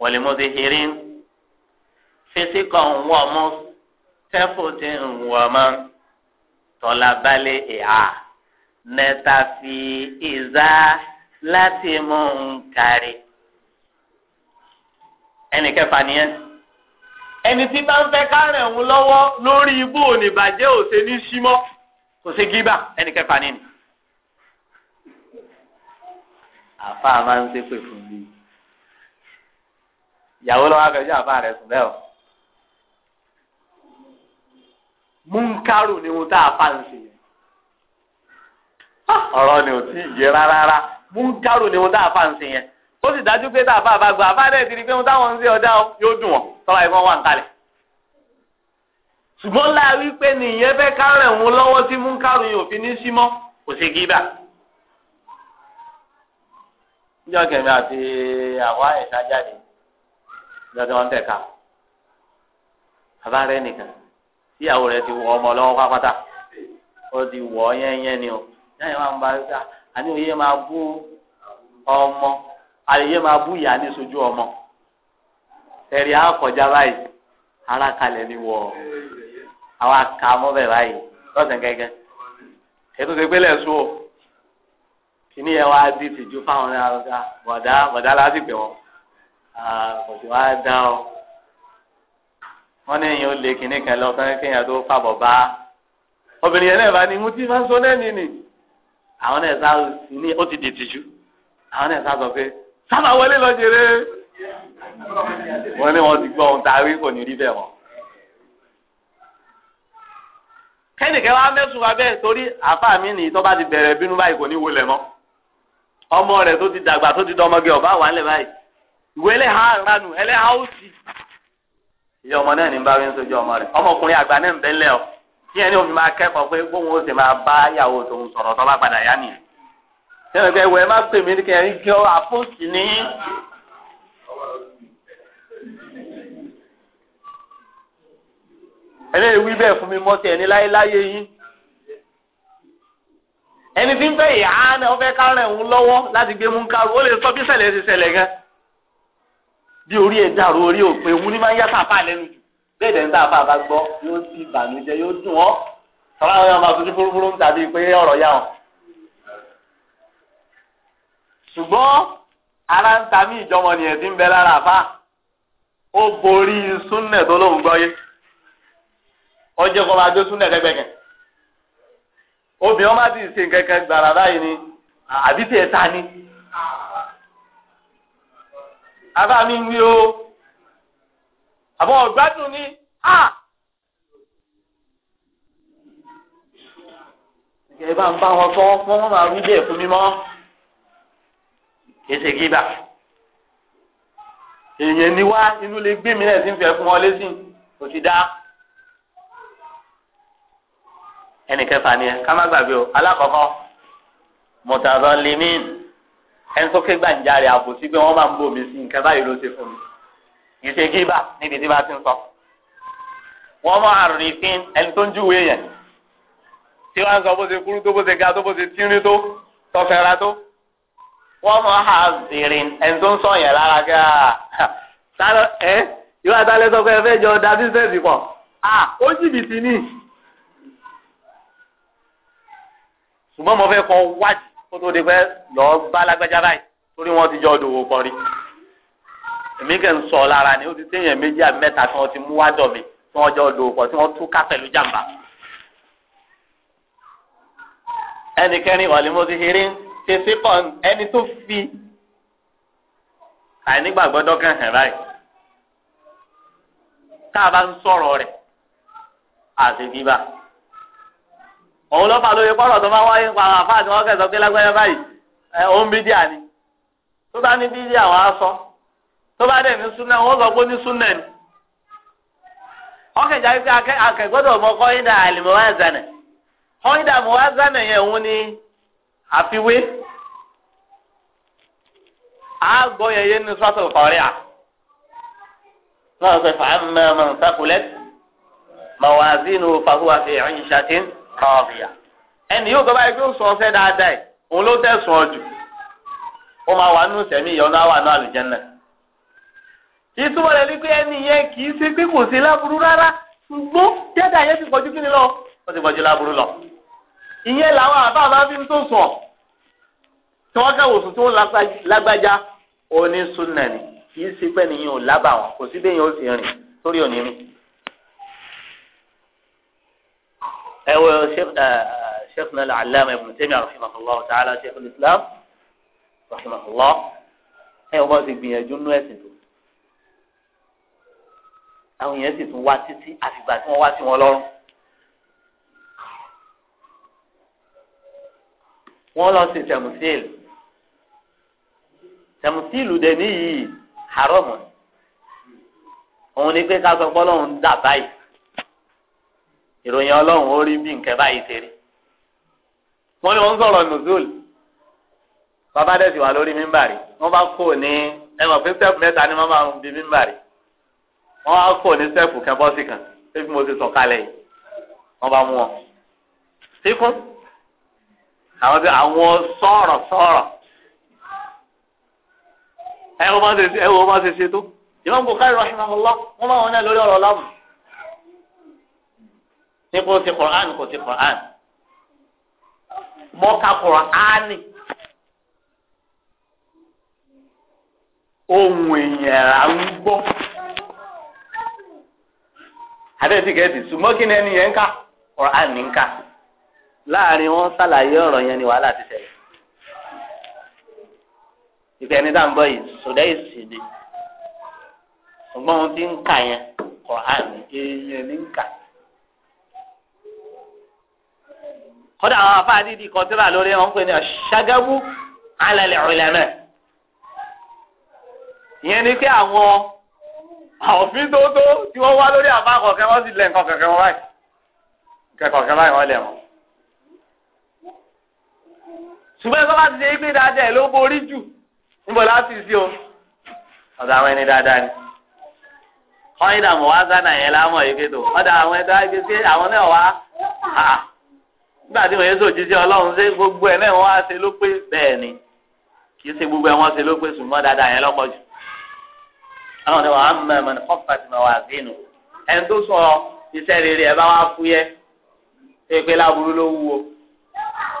Speaker 1: wọ́n lè mọ́ ti hìrì fisikọ̀ ń wọ́n mọ́ tẹ́fọ̀tì ń wọ́n mọ́ tọ́lá balẹ̀ ìhà nẹ́ta fi ìzá láti mú un kárí ẹnì kẹfà nìyẹn ẹni tí bá ń fẹ́ kárẹ̀ ń lọ́wọ́ lórí ibú òní bàjẹ́ òṣèlú símọ́ kò sí gíbà ẹnì kẹfà nínú. àfa máa ń ṣépè fún mi ìyàwó lọ́wọ́ abẹ́jọ́ àfa rẹ̀ sùn bẹ́ẹ̀ o. múnkárù ni ohun tá a fa ń ṣe yẹn.
Speaker 3: ọ̀rọ̀ ni ò tí ì
Speaker 1: yé rárá múnkárù ni ohun tá a fa ń yẹn. ó sì dájú pé tá a fa àfa gbọ́ àfa dẹ̀ ti di pé ohun táwọn ń ṣe ọ̀dà yóò dùn wọ́n tọ́lá ìfọ̀n wà ń kalẹ̀ ṣùgbọ́n láà wípé nìyẹn fẹ́ kárẹ̀ òun lọ́wọ́ tí múnkàrún yìí òfin ní símọ́ kò ṣe gíbà. níjọ́ kẹ̀mí àti àwa ẹ̀ka jáde níjọ́ tí wọ́n tẹ̀ka bàbá rẹ̀ nìkan tíyàwó rẹ̀ ti wọ ọmọ lọ́wọ́ pápátá ó ti wọ̀ yẹ́nyẹ́n ni o yẹ́nyẹ́n máa ń bá wípé àní òye máa bú ọmọ àyè máa bú ìyá ní sojú ọmọ ẹ̀rí àkọjá báyìí ara kalẹ̀ ni wọ̀ àwọn aka mọ́bẹ̀ báyìí lọ́sẹ̀ gẹ́gẹ́ ètò ìgbélé sùn o kìíní yẹn wá di tìjú fáwọn ní arúgá bọ̀dá bọ̀dá láti pè wọ́n kò wá dá o wọ́n ní èèyàn ó lé kìíní kan lọ sọ́ni kéèyàn tó fàbọ̀ bá obìnrin yẹn náà bá ní mutí máa ń sọ náà nìyí àwọn náà sá ní ó ti di tìjú àwọn náà sá sọ pé sábà wọlé lọ jèrè wọ́n ní wọ́n ti gbọ́ ohun tá a rí kò ní rí bẹ́ẹ̀ wọ́n. kẹ́nìkẹ́ wa mẹ́sùn wa bẹ́ẹ̀ torí àfa mi nìyí tó bá ti bẹ̀rẹ̀ bínú báyìí kò ní wọlé mọ́ ọmọ rẹ̀ tó ti dàgbà tó ti dọmọge ọba wà lẹ̀ báyìí ìwé ranu ránù ha ó sì. ìyá ọmọ náà ní bá wí ń sojú ọmọ rẹ̀ ọmọkùnrin àgbà náà ń bẹ́ lẹ́ kí ẹni òfin máa kẹ́kọ̀ọ́ pé ó sì máa bá tòun sọ̀rọ̀ bá padà yá nìyẹn. ṣé ẹlẹ́yìí wí bẹ́ẹ̀ fún mi mọ́ tiẹ̀ ní láyéláyé yín ẹni tí ń fẹ́ ìhánà ọ̀fẹ́ kárẹ̀ ń lọ́wọ́ láti gbé mú kárù ó lè sọ bí ti gan bí orí ẹ̀ dàrú orí òpin òun ni máa ń yá sàfà lẹ́nu jù bẹ́ẹ̀ dẹ̀ ń sàfà bá gbọ́ yóò ti yóò dùn ọ́ àwọn ọmọ àtúntí fúrúfúrú ń tàbí pé ọ̀rọ̀ yà wọ́n. ara ń ta mí ìjọmọ nìyẹn ti ń bẹ ọjọ́ kọ́ máa gbé súnlẹ̀ lẹ́gbẹ̀kẹ̀ obìnrin ọmọ àti ìsìn kẹ̀kẹ́ gbàrà báyìí ni àbí tiẹ̀ ta ni àbá mi ń wí o àbọ̀ ọ̀gbádùn ni a. ẹ bá ń bá wọn sọ wọn wọn máa wí bẹ́ẹ̀ fún mi mọ́ ètè gíga èèyàn ni wá inú lè gbé mi náà sí ń fẹ́ fún wọn lé sí kò sì dáa ẹnì kẹfà ni ẹ ká má gbàgbé o alákọ̀ọ́kọ́ mọ̀tàbọ̀ limin ẹni tó ké gbàǹjarè àbòsí pé wọ́n máa ń bòmí sí nǹkan báyìí ló ṣe fún mi ìṣe gíbà níbi tí bá ti ń sọ. wọ́n mọ àrùnìfín ẹni tó ń júwèé yẹn tí wọ́n ń sọ bó ṣe kúrú tó bó ṣe ga tó bó ṣe tínrín tó tọ́fẹ́ra tó. wọ́n mọ àzìrín ẹni tó ń sọ yẹn lára gáà. ìwà àtàlẹ́sọ̀ pé ẹ fẹ́ jọ da bísíǹsì pọ̀ ah ó jìbìtì ni. ṣùgbọ́n mo fẹ́ kọ́ wájú kó tó de pẹ́ lọ́ọ́ bá lágbájá báyìí torí wọ́n ti jọ dòwò kọ́ rí èmi kẹ́ ń sọ lára ni ó ti téèyàn méjì àbí mẹ́ta tí wọ́n ti mú wájọ mi tí wọ́n jọ dòwò kọ́ tí wọ́n tú ká pẹ̀lú jàǹbá. ẹnikẹ́ni ọ̀lẹ́mọ́sí eré ń ṣe síkọ̀ ẹni tó fi àìnígbàgbọ́dọ́ kan hàn báyìí tá a bá ń sọ̀rọ̀ rẹ̀ àti bíbá òun ló fà lóye pọ́rọ̀ tó máa wáyé ń pa àwọn àfáà tí wọ́n kẹsàn pé lágbáyé báyìí ẹ òun bídíà ni tó bá ní bídíà wọ́n á sọ tó bá dẹ̀ ní súnà wọ́n sọ pé ní súnà ni. ọkẹjà wípé akẹgbọ́dọ̀ mọ kọ́ńdà àlìmọ́wázánà kọ́ńdà mọ́wázánà yẹn òun ni àfiwé àgbọ̀ yẹn yẹn ní sọ́tò kọ́ríà náà sọ fàámà mọ̀ nǹkan kùlẹ̀ mọ̀wázínù fàhùwà fi 'ishatin. kọ́ọ̀bìyà ẹni yóò tó báyìí pé ó sọ ọsẹ dáadáa ẹ òun ló tẹ̀sùn ọjù ó máa wà nínú sẹ̀mí ìyọnu àwọn àná àlùjẹ́nà ìtumọ̀ rẹ̀ ni pé ẹni yẹn kì í ṣe pé kò sí láburú rárá ti kíni lọ ti láburú lọ ìyẹn làwọn àbá máa fi ń tó sùn tí wọ́n kẹ́wò sùn tí wọ́n lágbájá onísùnnà ni kì í ṣe pé kò sí bẹ́ẹ̀ yẹn ó sì ẹ wọ Sheikhna al-Allama Ibn Taymiyyah rahimahullah ta'ala Sheikhul Islam rahimahullah ẹ wọ́n bá ti gbìyànjú nú ẹ̀sìn tó àwọn èèyàn sì tún wá títí àfìgbà tí wọ́n wá sí wọn lọ́rùn. wọ́n lọ sí tẹ̀mùsíìlì tẹ̀mùsíìlì dẹ̀ níyì haramu òun ni pé ká sọ pé ọlọ́run dà báyìí ìròyìn ọlọ́run ó rí bí nǹkan báyìí ṣe rí wọ́n ní wọ́n ń sọ̀rọ̀ nùzúl bàbá dẹ̀ sì wà lórí mímbàrí wọ́n bá kò ní ẹ̀wọ̀n fún sẹ́ẹ̀pù mẹ́ta ni wọ́n máa ń bi mímbàrí wọ́n á kò ní sẹ́ẹ̀pù kan bọ́ọ̀sì kan ebi mo ti sọ̀ kalẹ̀ yìí wọ́n bá mú wọn. síkún àwọn tí àwọn sọ̀rọ̀ sọ̀rọ̀ ẹ wo bá ṣe ṣe tó ìmọ̀ bùkárì rahimahullah wọ́n máa wọn náà lórí ọ̀rọ̀ láàmú tí kò ti Qur'an kò ti Qur'an mọ ka Qur'an
Speaker 2: ohun èèyàn
Speaker 1: à ń gbọ́ àdéhùn kẹ́ẹ̀tì ṣùgbọ́n kí ni ẹni yẹn ń kà Qur'an ní ń kà láàrin wọn ṣàlàyé ọ̀rọ̀ yẹn ni wàhálà ti ṣẹlẹ̀ ìfẹ́ ẹni tá à ń yìí sọdẹ́ ìsìndì ṣùgbọ́n ohun tí ń kà yẹn Qur'an èèyàn ní ń kà.
Speaker 3: kódà àwọn afáàdì di kọtíra lórí wọn ń pè ní
Speaker 1: ṣàgábù alẹ́ ọ̀lẹ́mẹ̀ ìyẹn ni pé àwọn òfin tó tó tí wọ́n wá lórí àbá kọ̀ọ̀kẹ́ wọ́n sì lẹ̀ nǹkan kẹ̀kẹ́ wọn báyìí kẹ̀kọ̀ọ̀kẹ́ báyìí wọ́n lẹ̀ wọn. ṣùgbọ́n ẹ̀kọ́ bá ti ṣe é pé dáadáa ẹ̀ ló borí jù níbo láti sí o ọ̀dọ̀ àwọn ẹni dáadáa ni kọ́ńdà mọ̀ wá sánà yẹn lámọ̀ yìí ọ̀dọ̀ àwọn ẹ̀dá ẹgbẹ́ àwọn náà wá ah, nígbà tí wọ́n yẹ sòjíṣẹ́ ọlọ́run ṣé gbogbo ẹ̀ náà wọ́n á ṣe ló pé bẹ́ẹ̀ ni kì í ṣe gbogbo ẹ̀ wọ́n ṣe ló pé ṣùgbọ́n dáadáa yẹn lọ́pọ̀ jù. àwọn ọ̀dọ́ wa mọ̀ ẹ̀mọ̀ ní kọ́fàtì máa wà sí ẹni tó sọ iṣẹ́ rere ẹ̀ bá wá fúyẹ́ pé láburú ló wúwo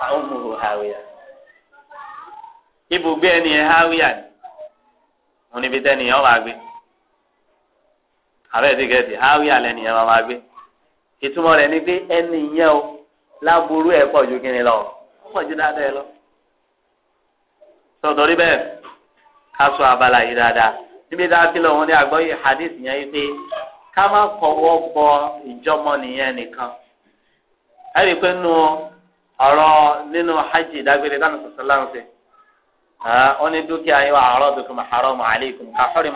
Speaker 1: àwọn ọmọ hàwíyà ibùgbé ẹni ẹ̀ hàwíyà ni mo níbi tẹ́ni ẹ̀ ọ́ máa gbé àbẹ́ẹ̀dẹ́gẹ́dẹ́ hàwíyà lẹ́ni ẹ̀ máa gbé ìtumọ̀ rẹ̀ ni pé ẹni ìyẹn o láburú buru pọ̀ ju kíni lọ ó pọ̀ ju dáadáa ẹ lọ. bẹ́ẹ̀ abala yìí dáadáa níbi dáa kí lóun ní àgbọ́yé hadith yẹn yìí pé ká má kọ́wọ́ bọ ìjọmọ nìyẹn nìkan. ẹ rí i pé nínú ọ̀rọ̀ nínú hajj ìdágbére dáná sọ̀tọ̀ láǹṣẹ̀ ó ní dúkìá yín wà àárọ̀ dùkùn àárọ̀ mọ̀ àlékún ká fọ́rí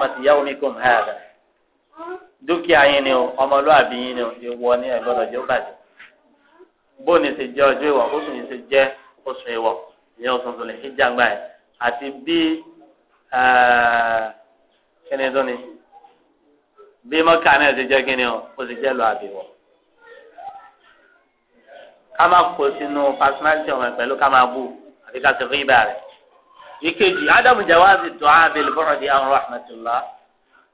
Speaker 1: ni ọmọlúwàbí yín ni ìwọ ni ẹ̀ bóni ṣe jẹ́ ọjọ́ ìwọ̀ oṣù yìí ṣe jẹ́ oṣù ìwọ̀ ìyẹn oṣù tó lè fi jàgbá ẹ̀ àti bí eh, kíni tó ni bí mọ́kà náà ṣe jẹ́ kíni o ó ṣe jẹ́ lọ àbẹ̀wọ̀ ká má kó sínú personality ọmọ pẹ̀lú ká má bù àti ká ṣe fún ibà rẹ̀ ìkejì ádámù jawazi dùn ábẹ́lẹ̀ bọ́rọ̀ di àwọn rahmatullah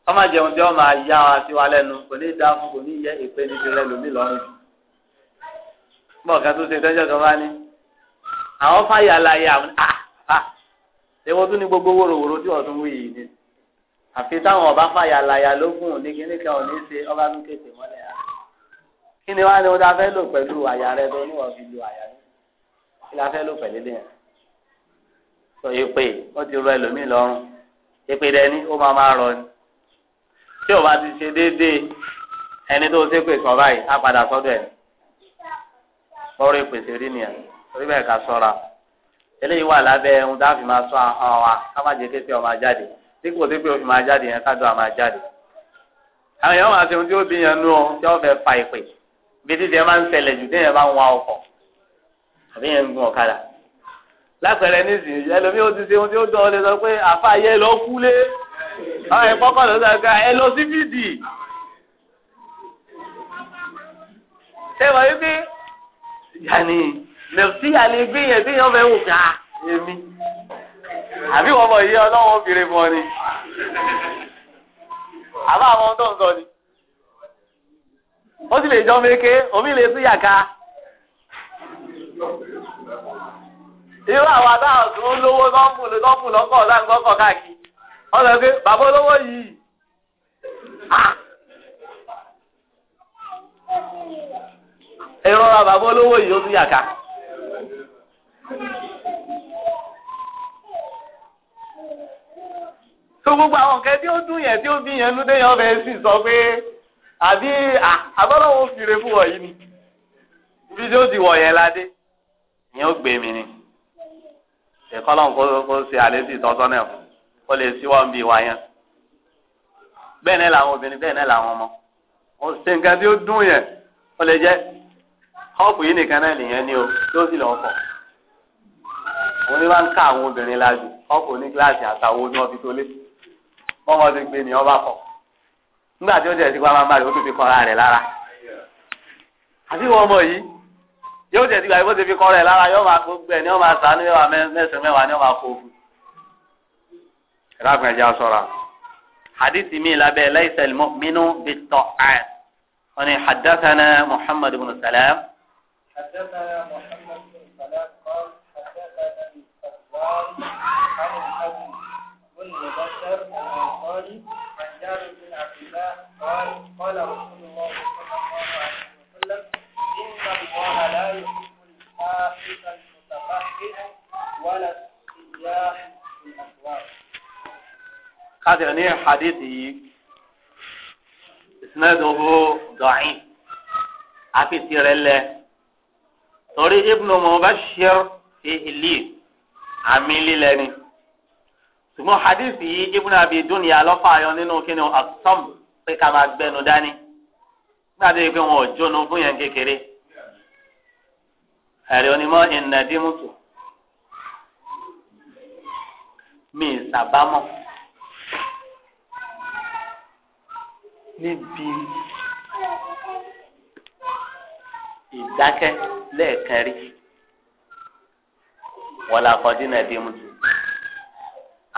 Speaker 1: ọmọ jẹun tí wọn máa yá wa sí wa lẹ́nu kò ní dáa kò ní yẹ ìpè níbi rẹ lómi jù bọ́ọ̀ kan tó ṣe tọ́jọ́ kan bá ní àwọn fáyà láyé àwọn ah, ah. ṣéwọ́n tún ní gbogbo wòròwòrò tí wọ́n tún wí yìí ni àfi táwọn ọba fàyà láyà lógún òní kíní kan òní ṣe ọba tún kéde mọ́lẹ̀ yá kí ni wá ni wọ́n ta fẹ́ lò pẹ̀lú àyà rẹ tó ní wọ́n fi lu àyà rẹ kí la fẹ́ lò pẹ̀lú ilé yẹn sọ èpè wọ́n ti rọ ẹlòmíì lọ́rùn èpè dẹni ó máa máa rọ ni tí o ọ̀rọ̀ ìpèsè rí nìyẹn torí bẹ́ẹ̀ ká ṣọ́ra eléyìí wà lábẹ́ ohun tá a fi máa sọ ahọ́n wa ká má jẹ́ kékeré ọmọ ajáde tí kò tó pé o fi máa jáde yẹn ká dọ̀ àmà jáde àwọn èèyàn máa ṣe ohun tí ó bí yẹn nú ọ tí wọ́n fẹ́ fa ìpè bí títí ẹ máa ń ṣẹlẹ̀ jù téèyàn bá ń wa ọkọ̀ àbí yẹn ń gun ọ̀kadà lápẹẹrẹ nísìnyí ẹlòmíì ó ti ṣe ohun tí ó dán ọ lè sọ pé àfa yẹ ẹ lọ sí fìdí. ṣé yanni lẹ́sí yanni bí yẹn bí yẹn fẹ́ wò ká èmi
Speaker 2: àbí wọ́n mọ̀ yí ọlọ́wọ́
Speaker 1: obìnrin mọ́ ni àbá àwọn ohun tó ni ó sì lè jọ meke omi lè sí yàká irú àwọn adáhùn tó ń lówó lọ́pù lọ́pù lọ́kọ̀ ọ̀dà ń gbọ́kọ̀ káàkiri wọ́n pé bàbá olówó
Speaker 2: yìí. ìrora bàbá olówó yìí ó
Speaker 1: tún yà ká. tó gbogbo àwọn nǹkan tí ó dùn yẹn tí ó bí yẹn lóde yẹn ọbẹ̀ sì sọ pé àbí àbọ̀lọ́wọ́ fìrè fún wọ̀nyí ni bí tí ó ti wọ̀ yẹn ládé yẹn ó gbé mi ni ìkọlọ́n kó kó ṣe àlẹ́ sí ìtọ́sọ́ náà ó lè síwọ́ ń bí wa yẹn bẹ́ẹ̀ náà làwọn obìnrin bẹ́ẹ̀ náà làwọn ọmọ ó ṣe nǹkan tí ó dùn yẹn ó lè jẹ́ ọ̀pọ̀ yìí nìkan náà nìyẹn ni o yóò sì lọ́ọ́ kọ̀ òun ni máa ń ká àwọn obìnrin lájú ọ̀pọ̀ ní kíláàsì àtàwọn ní ọ̀fi tó lé wọ́n mọ̀ ti gbé ni ọba kọ̀ nígbà tí ó jẹ́ ìsìnkú amáńbá rẹ̀ ó tún fi kọ́ra rẹ̀ lára àti ìwọ ọmọ yìí yóò jẹ́ ìsìnkú àyẹ̀wò ti fi kọ́ra rẹ̀ lára yóò máa gbẹ ni yóò máa sàánú yóò mẹ́sàn mẹ́wàá ni yóò máa fòfin ẹ̀dá kan ẹja sọ̀rọ̀ hadithi mi labẹ́
Speaker 2: حدثنا محمد بن سلام قال حدثنا الفزاري عن الحزم بن مبشر الانصاري عن جابر بن عبد الله قال قال رسول الله صلى الله عليه وسلم
Speaker 3: ان الله
Speaker 2: لا يحب الحافظ المتفحش ولا السياح في الاسواق
Speaker 1: قادر نير يعني حديثي اسناده ضعيف عفي سير الله torí ibnu mubashir fi ìlí àmì lílẹ̀ ni ṣùgbọ́n hadithi yìí ibnu abi dunya lọ́fà ayọ nínú kíni asọ́m pé ká máa gbẹnu dání nígbà tó yẹ pé wọn ò jóná fún yẹn kékeré ẹ̀rí onímọ̀ ìnàdímùtù mi ìsàbámọ̀ níbi ìdákẹ́ lẹ́ẹ̀kan rí wọlé akọ́dínà bí mu tu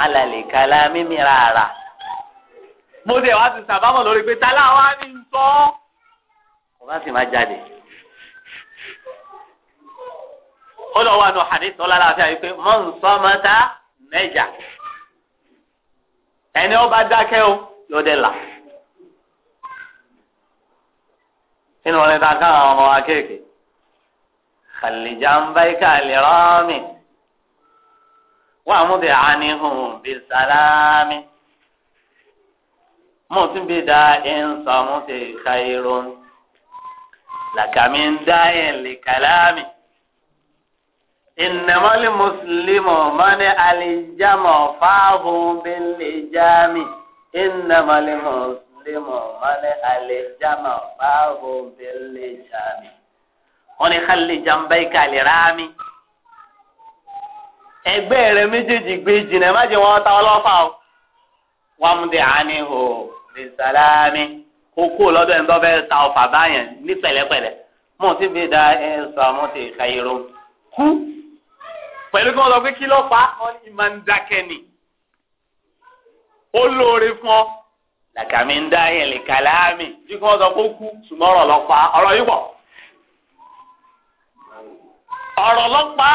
Speaker 1: alàlẹ́ kálá mímí rárá mo dé wá ti sàbámọ̀ lórí pé tálá wa ní sọ kò bá sì má jáde
Speaker 2: ó lọ wà nù hadith sọlá láti àyè pé mọ nsọmọta
Speaker 1: mẹjà ẹni ọba dákẹ́ o yóò dé là. nínú orin ta ká àwọn ọmọ akéèké kàlìjàmbáìkà lè rọ́ọ̀mì wà múbi àánihùn bí sàlámì mọ̀tún bí da ẹ̀ńsọ̀mù ti kàìrún làkàmì ń dá ẹ̀ lè kàlámì ìnàmọ́lì mùsùlùmọ̀ mọ́ni àlìjámọ̀ fáàbù bí lè jámì ìnàmọ́lì mùsùlùmọ̀ muslimu mani alijama baabu
Speaker 2: bilijami
Speaker 1: wọn ni xali jamba yi kali raami ẹgbẹ́ rẹ̀ méjèèjì gbé jìnnà má jẹ́ wọn ta ọlọ́fà o wọn di àní o bisalami kókó lọ́dọ̀ ẹni tó fẹ́ ta ọfà báyẹn ní pẹ̀lẹ́pẹ̀lẹ́ mo ti fi da ẹ sọ mo ti kàyèrò kú pẹ̀lú kí wọ́n lọ pé kí ló fà á ìmọ̀ ń dákẹ́ ni ó lóore fún ọ làkàmì ń dá yẹn lè kàlámì bí kò sọ kó kú ṣùgbọ́n ọ̀rọ̀ lọ pa ọ̀rọ̀ yìí pọ̀
Speaker 2: ọ̀rọ̀ lọ pa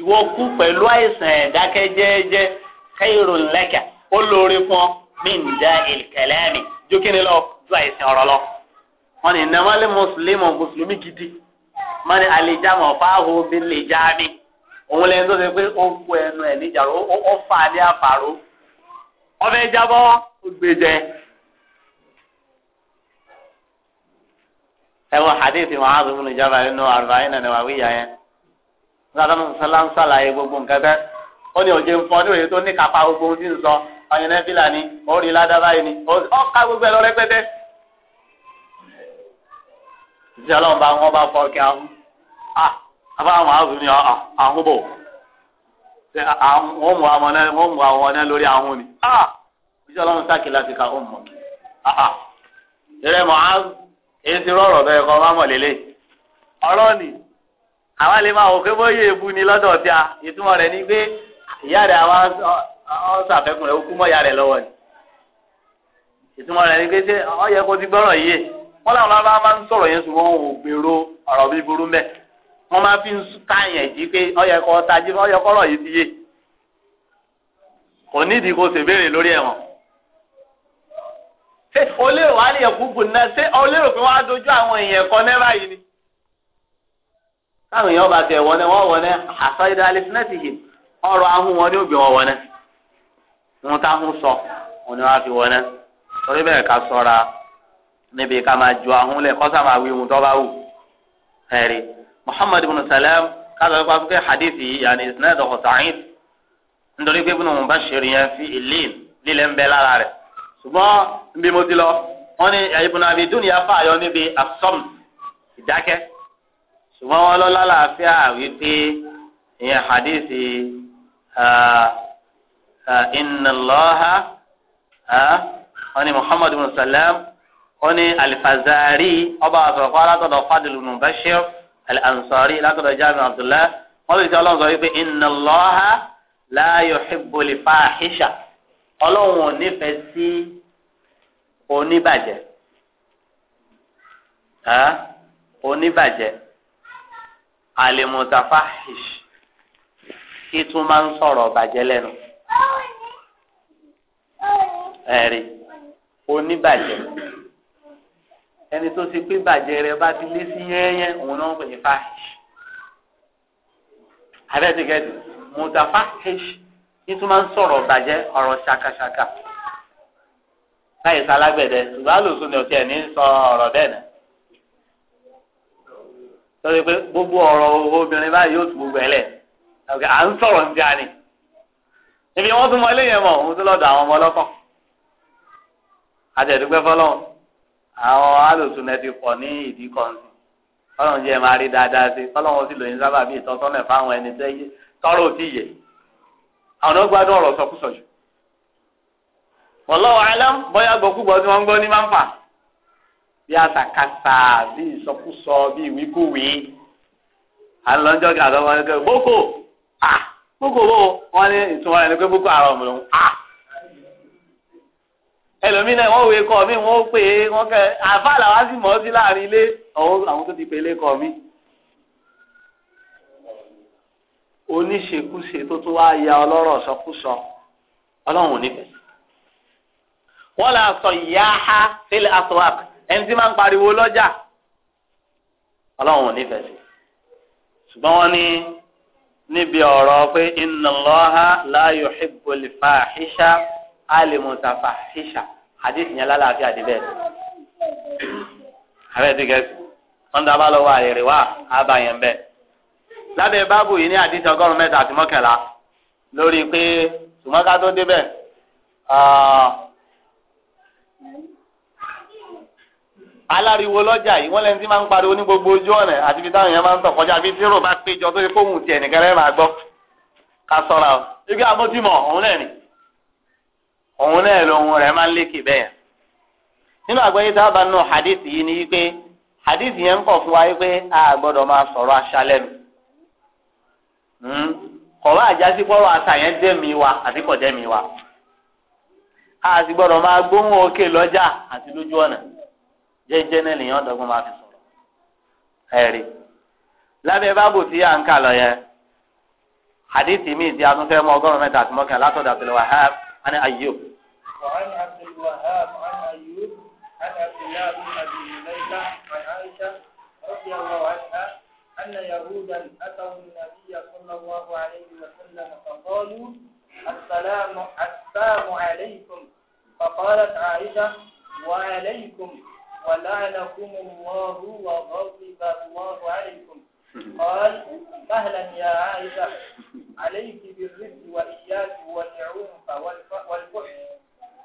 Speaker 1: ìwọ kú pẹ̀lú àìsàn ẹ̀dákẹ́jẹ́jẹ́ kẹ́hìnrún lẹ́kẹ̀ ó lóore fún ọ mí ń dá ìkẹlẹ́mì jókèlè lọ ju àìsàn ọ̀rọ̀ lọ wọn ni nàmọ́lẹ́ mùsùlùmí mùsùlùmí gidi wọn ni àlejàmọ̀ fáwọn obìnrin lè já mi òun lẹ́yìn tó ṣe pé ó kú ẹnu ẹ̀ níjà ó fà á ní àfàró ọbẹ̀ jábọ́ ó gbé jẹ. ẹ̀wọ̀n hadithi wọn azu fún ìjábá nínú àrùbáyé náà níwáwí ìyá yẹn. nígbà tó ń sàlàyé gbogbo nǹkan tẹ́ ó ní òjò ń fọ́ ní òye tó ní kápá gbogbo ohun tí ń sọ ọyàn náà fìlà ni ó rí ládàbà yìí ni ó ká gbogbo ẹ lọ rẹpẹtẹ. ìṣẹ́ ọlọ́run bá wọn bá fọ́ kí ahun. àbáwọn àzùn ni àwọn ah, ah, bò. wọ́n mú àwọn náà wọ́n mú lórí àwọn ni bísí ah! ọlọ́run sáàkì láti ka ó mọ̀ ìrẹ́ ah, ah! mọ̀ á èsì rọ̀rọ̀ ni àwa lè máa wò pé bóyá ni tí a ni pé ìyá rẹ̀ àwa kú ìyá ni ni pé ṣé kó ti yìí làwọn máa ń yẹn wọn ò gbèrò máa fi ń jí pé kò nídìí kó ṣèbéèrè lórí ẹ̀wọ̀n. ṣé olérò wa lè gbogbo náà ṣé olérò pé wọ́n á dojú àwọn èèyàn kan náírà yìí ni. táwọn èèyàn bá tẹ̀ wọ́n náà wọ́n wọ́n náà àṣọ ìdá alẹ́sìnẹ́tì yìí ọrọ̀ ahun wọn ni ó gbé wọn wọ́n náà. wọn táwọn sọ wọn ni wọn á fi wọ́n náà. torí bẹ́ẹ̀ ká sọ́ra níbi ká máa ju ahun lẹ̀ kọ́ sáà wí ohun tó bá wù. ẹ̀rí Muhammad ibn Salam ká lọ́ọ́ nítorí pé Ibn Mubashir yẹn fi ìlín lílẹ̀ ń bẹ lára rẹ̀ ṣùgbọ́n níbi mo ti lọ wọ́n ní Ibn Abi Dunya fààyọ níbi asọ́m ìdákẹ́ ṣùgbọ́n wọ́n lọ lálàáfíà wípé ìyẹn hadithi inna Allaha wọ́n ní Muhammad ibn Salam wọ́n ní Al-Fazari ọba àtọ̀kọ́ alátọ̀dọ̀ Fadl ibn Bashir Al-Ansari látọ̀dọ̀ Jabir Abdullah wọ́n lè ti ọlọ́run sọ wípé inna la yuhibbu li fahisha ọlọ́run ò nífẹ̀ẹ́ sí oníbàjẹ́ oníbàjẹ́ alimutafahish kí tún máa ń sọ̀rọ̀ bàjẹ́ lẹ́nu ẹ̀rí oníbàjẹ́ ẹni tó ti pín bàjẹ́ rẹ bá ti lé sí yẹ́yẹ́ òun náà ń pè ní fahish abẹ́tìkẹ́tì mùtàfà kejì nítorí wọ́n sọ̀rọ̀ bàjẹ́ ọ̀rọ̀ ṣakaṣaka láyé sálágbẹ̀dẹ ṣùgbọ́n àlòsùn ni ọ̀tí ẹ̀ ní sọ ọ̀rọ̀ bẹ́ẹ̀ náà sọ̀rọ̀ pé gbogbo ọ̀rọ̀ obìnrin báyìí yóò tún gbogbo ẹ̀ lẹ̀ à ń sọ̀rọ̀ ń jà ni ibi wọ́n tún mọ eléyẹn mọ̀ òun tún lọ́dọ̀ àwọn ọmọ ọlọ́kàn àtẹ̀dúgbẹ́ fọlọ́run àwọn àlòsùn ẹ ti pọ̀ ní ìdí kan sí fọlọ́run jẹ́ máa rí dáadáa sí fọlọ́run sì lòyìn sábà bí ìtọ́sọ́nà tọrọ òtí yẹ àwọn náà gbádùn ọ̀rọ̀ sọkúsọ jù wallahu alam bóyá gbọ́kúgbọ́ tí wọ́n ń gbọ́ ní máa bí àtàkàtà bí ìsọkúsọ bí ìwíkúwí àlọ́jọ́ gàdọ́ wọn boko boko wo wọn ní pé boko wọn wọn pè é wọn kẹ oníṣekúṣe tó tún wá ya ọlọ́rọ̀ sọkúsọ ọlọ́run níbẹ̀. wọ́n lè sọ yáhá sílẹ̀ asọ́wàp ẹni tí máa ń pariwo lọ́jà ọlọ́run níbẹ̀ sí. ṣùgbọ́n wọ́n ní níbi ọ̀rọ̀ pé inna Allaha la yuhibbul fahisha al-mutafahisha hadith yẹn lálàáfíà débẹ̀. àbẹ̀ wọ́n dábàá lọ́wọ́ àyèrè wá àbàyàn bẹ́ẹ̀ lábẹ́ báàbù yìí ní àdìsí ọgọ́rùn-ún mẹ́ta àti mọ́kànlá lórí pé ṣùgbọ́n tó débẹ̀ aláriwo lọ́jà yìí wọ́n lẹ́ni tí máa ń pariwo ní gbogbo ojú ọ̀nà àti ibi táwọn èèyàn máa ń tọ̀ kọjá bí tírò bá péjọ tó ṣe fóun tiẹ̀ nìkan rẹ̀ máa gbọ́ ká sọ̀ra o ibi àmójúmọ̀ òun náà ni òun náà lòun rẹ̀ máa ń lékè bẹ́ẹ̀ nínú àgbáyé tá a bá nù hadith yìí ni wípé hadith yẹn ń kọ̀ fún wa wípé a gbọ́dọ̀ máa sọ̀rọ̀ aṣálẹ́nu Hmm? kọ̀wá àjásí pọ́rọ̀ àtàyẹn dẹ́mi wa àti kọ̀dẹ́mi wa a sì gbọ́dọ̀ máa gbóhùn òkè lọ́jà àti lójú ọ̀nà jẹ́jẹ́ náà lèèyàn dọ́gbọ́n máa fi sọ̀rọ̀ ẹ̀rí lábẹ́ báàbò tí à ń kà lọ yẹn ti a tún fẹ́ mọ ọgọ́rùn-ún mẹ́ta àti mọ́kànlá látọ̀dọ̀
Speaker 2: صلى الله عليه وسلم فقالوا السلام السلام عليكم فقالت عائشة وعليكم ولعنكم الله وغضب الله عليكم قال مهلا يا عائشة عليك بالرفق وإياك والعنف والفحش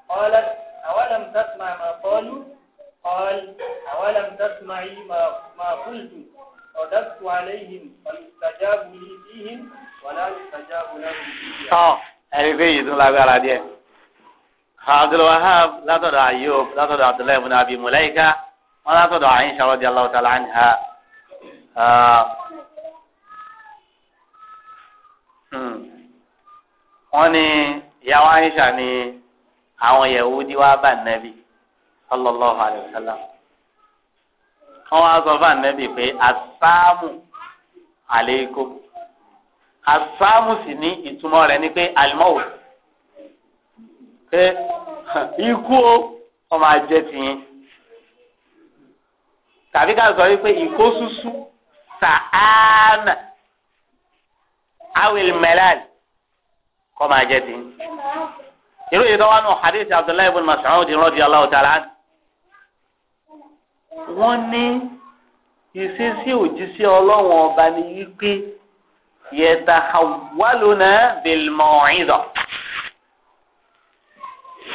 Speaker 2: قالت أولم تسمع ما قالوا قال أولم تسمعي ما, ما قلت رَدَدْتُ عَلَيْهِمْ فَيُسْتَجَابُ لِي فِيهِمْ وَلَا يُسْتَجَابُ لَهُمْ فِيهِمْ.
Speaker 1: ẹni pé yìí tún lágbára díẹ̀ Abdul Wahab látọ̀dọ̀ Ayub látọ̀dọ̀ Abdullahi ibn Abi Mulaika wọn látọ̀dọ̀ Aisha radiyallahu ta'ala anha. Hmm. wọ́n ní ìyá wa Aisha ni àwọn Yahudi wá bá Nabi sallallahu alayhi wa sallam wọn wá sọ fún ànẹ́bì pé asáàmù àlékò asáàmù sì ní ìtumọ̀ rẹ̀ ni pé alimọ́wò pé ikú o wọn máa jẹ tìyín tàbí ká sọ wípé ìkó
Speaker 2: súsú sàánà
Speaker 1: awil mẹlẹ́lì kọ́ máa jẹ tìyín irú yìí tó wà nù hadith abdullahi ibn mas'ud radiyallahu ta'ala anhu wọ́n ní ìṣesí òjíṣẹ́ ọlọ́run ọba ni wípé yẹta àwálùnà bèlmọ̀ọ́ìdà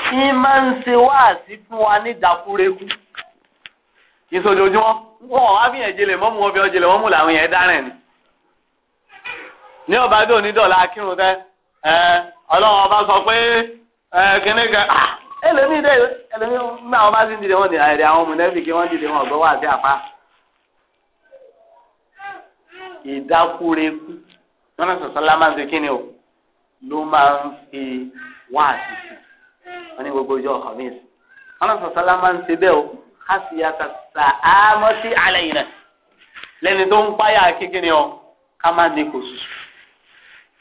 Speaker 1: kí máa ń ṣe wáàsí fún wa ní ìdákúrekú ìṣòjòjúmọ́ wọn wá fi ẹ̀jẹ̀ lè mọ́mú ọbẹ̀ ọjẹ̀ lè mọ́mú làwọn yẹn dárẹ̀ ni ní ọba dò ní dọ̀la akírun tẹ ọlọ́run ọba sọ pé kíní kan ah, ẹlòmíì dẹ ẹlòmíì mbà wọn bá sì ń dìde wọn ní àyẹ̀dẹ àwọn mùnẹ́fìkì wọn dìde wọn ọ̀gbọ́n wà sí àpá. ìdákúrekú wọn náà sọ̀sọ́ lámà ń ṣe kí ni o ló máa ń fi wá àtìsí wọn ní gbogbo ọjọ́ khamis wọn náà sọ̀sọ́ lámà ń ṣe bẹ́ẹ̀ o ká sì yàtọ̀ sàámọ́ sí alẹ́ yìí náà lẹ́ni tó ń páyà kíkí ni o ká má ní kò sùsù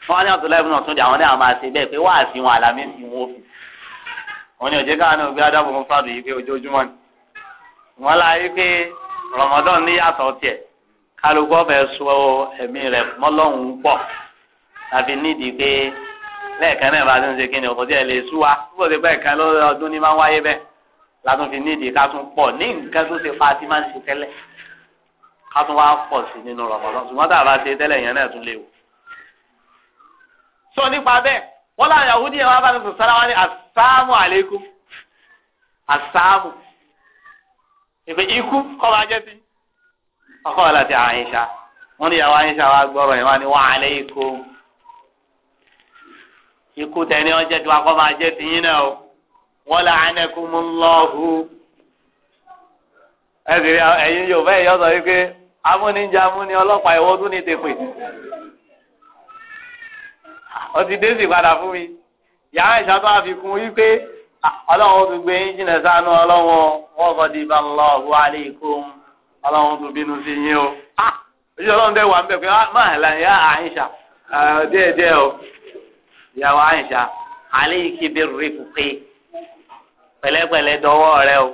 Speaker 1: wọn ní Abdullahi ibùdó ọ̀tún di àwọn náà máa ṣe bẹ́ẹ̀ pé wáàsí wọn àlàmí ìwọ̀n òfin wọn ni òjé káwọn náà gbé adábò fún fàdù yìí pé ojoojúmọ́ ni wọn la yìí pé rọmọdán níyàtọ̀ tiẹ̀ kálukú ọbẹ̀ sọ ẹ̀mí rẹ̀ mọ́lọ́hún pọ̀ tàbí nídìí pé lẹ́ẹ̀kan náà bá ti ń ṣe kí ni ọ̀pọ̀ tí ẹ lè sú wa púpọ̀ sí pé ẹ̀kan lọ́dún ní máa ń wáyé bẹ́ẹ̀ látún fi nídìí ká tún pọ̀ ní nǹkan tó ṣe fa ti máa ń ṣe tẹ́lẹ̀ ká tún wá pọ̀ sí nínú rọmọdán ṣùgbọ́n tá a bá ṣe tẹ́lẹ̀ yẹn náà tún léwu. sọ nípa bẹ́ẹ̀ wọ́n láwọn Yahudi yẹn wá bá ti sọ sára wá ní àti sáàmù àlékún àsáàmù ìpè ikú kọ́ máa ọkọ ti àyíṣà wọn ní ìyàwó àyíṣà wa gbọ́rọ̀ yẹn wá ní wàá lé ikú ikú tẹ̀lé tí wàá kọ́ máa yín náà o là mú yóò yọ sọ wípé ìwọ́dún yàrá ìṣàtọ̀ àfikún wípé ọlọ́run tó gbé yín jìnnà sánú ọlọ́run wọ́n kọ́ di ibà ńlọ ọ̀bùn aleikum ọlọ́run tó bínú sí yín o. ojú ọlọ́run dẹ̀ wà ń bẹ̀ pé ah, máa là ń yá àyíṣà díẹ̀ díẹ̀ o ìyàwó àyíṣà aléìkí bí rìkùkì pẹ̀lẹ́pẹ̀lẹ́ dọwọ́ rẹ o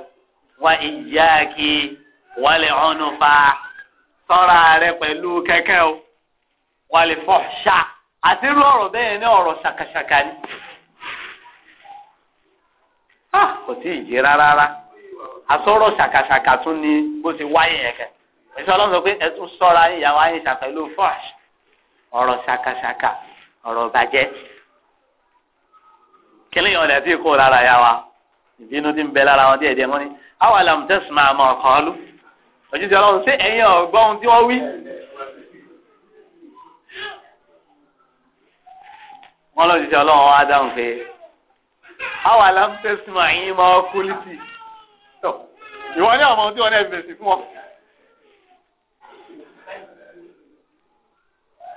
Speaker 1: wá ìyá kí wálé ọ̀nù fa sọ́ra rẹ pẹ̀lú kẹ́kẹ́ o wálé fọ́ àti irú ọ̀rọ̀ bẹ́ẹ̀ ní ọ̀rọ̀ ṣàkàṣàkà ni. Ah, kò tí ì yé rárá rárá asọ̀rọ̀ ṣàkàṣàkà tún ni bó ti wáyé yẹn kẹ ẹ̀sọ́ ọlọ́run sọ pé ẹ tún sọ́ra ìyàwó ayé ṣà pẹ̀lú fọ́ọ̀ṣ ọ̀rọ̀ ṣàkàṣàkà ọ̀rọ̀ bàjẹ́ kílí yẹn ọ̀dà tí kò lára yà wa ìbínú ti ń bẹ lára wọn díẹ̀ díẹ̀ wọ́n ní àwọn àlàmù tẹ̀sán máa mọ ọ̀kan ọlú òjijì ọlọ́run sí ẹ̀yìn ọ̀gbọ́n tí wọ́n wí. wọ́n lọ́jọ́ àwọn alámúfẹ́sì máa yín máa kólítì tó ìwọ ní àwọn tí wọn náà fèsì fún ọ.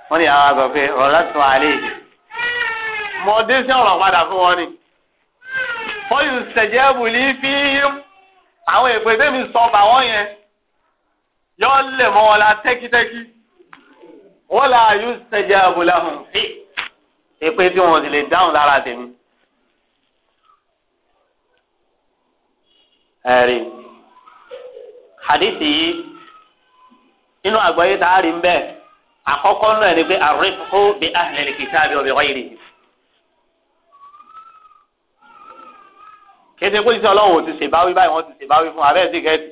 Speaker 2: wọ́n ní àwọn àgbà pé ọ̀rọ̀ láti wà á
Speaker 1: lè mọ dé sí ọ̀rọ̀ padà fún wọn ni fọyín ṣẹ̀jẹ̀ bùlí fi yín àwọn èpè tẹ́mi sọ bà wọ́n yẹn yọ lè mọ́ wọn la tẹ́kítẹ́kí wọ́n là yóò ṣẹ̀jẹ̀ àbúlà hàn sí èpè tí wọ́n sì lè dáhùn lára tèmi. ẹ̀rí hadithi yìí nínú àgbáyé tá a rí bẹ́ẹ̀ àkọ́kọ́ náà ni pé àrífù bí ahlil kitabi wa bi ghayrihim. kété kó sísè ọlọ́wọ́ ti ṣèbáwí báyìí wọ́n ti ṣèbáwí fún abẹ́ẹ̀ sí kẹ́ẹ̀tì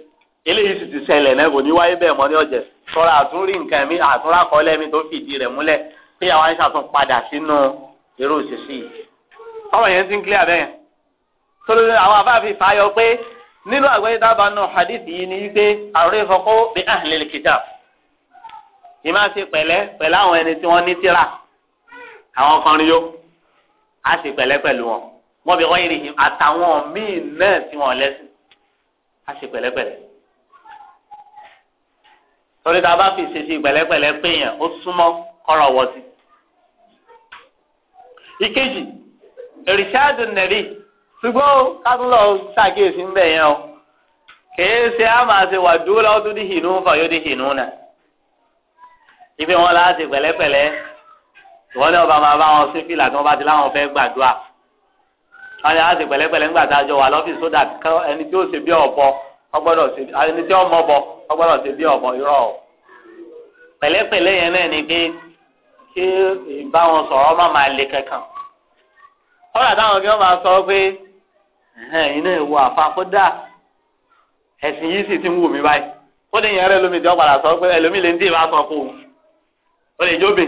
Speaker 1: eléyìí sì ti ṣẹlẹ̀ náà kò ní wáyé bẹ́ẹ̀ mọ́ ní ọ̀jẹ̀ sọ́ra àtúnrí nǹkan mi àtúnrà kọ́lẹ́ mi tó fìdí rẹ̀ múlẹ̀ pé àwọn àìsàn tún padà sínú irú òṣìṣì yìí. ọmọ yẹn ti ń kílẹ̀ abẹ́yẹn. sọ́dọ̀ àwọn afáàfin fàáyọ pé nínú àgbáyé dábàá náà hadith yìí ni wípé àrùn ìfọkọ́ bí ahlil kitab yìí máa ṣe pẹ̀lẹ́ pẹ̀lú àwọn ẹni tí wọ́n ní tírà àwọn kan rí yó á ṣe pẹ̀lẹ́ pẹ̀lú wọn wọ́n bí wọ́n yìí rìn àtàwọn míì náà tí wọ́n lẹ́sìn á ṣe pẹ̀lẹ́pẹ̀lẹ́ torí tá bá fi ṣèṣe pẹ̀lẹ́pẹ̀lẹ́ pé yẹn ó súnmọ́ kọ́rọ̀ wọ́ sí. ìkejì ìrìṣàdùn nàbí ṣùgbọ́n kátó lọ ṣàkíyèsí ńbẹ yẹn o kìí ṣe á máa ṣe wà dúró lọ́wọ́ tó dí hìnú fà yóò dí hìnú nà ibi wọn la ṣe pẹ̀lẹ́pẹ̀lẹ́ ìwọ ní ọba máa bá wọn sí fìlà tí wọn bá ti láwọn fẹ́ gbàdúrà wọn ni a ṣe pẹ̀lẹ́pẹ̀lẹ́ ńgbà tá a jọ wà lọ́fíìsì sódà ẹni tí ó ṣe bí ọ̀bọ ọgbọ́dọ̀ ṣe ẹni tí ó mọ̀ bọ ọgbọ́dọ̀ ṣe bí ọ̀bọ irọ́ o pẹ̀lẹ́pẹ̀lẹ́ yẹn náà ni pé kí ìbá wọn sọ̀rọ̀ má máa le kankan kọ́lá táwọn kí wọ́n máa sọ pé ẹ̀yin náà wo àfàkọ́dà ẹ̀sìn yìí sì ti ń wù mí báyìí ó lè yẹn rẹ lómi tí wọ́n padà sọ pé ẹlòmí lè ń dì bá sọ fún òun ó lè jóbe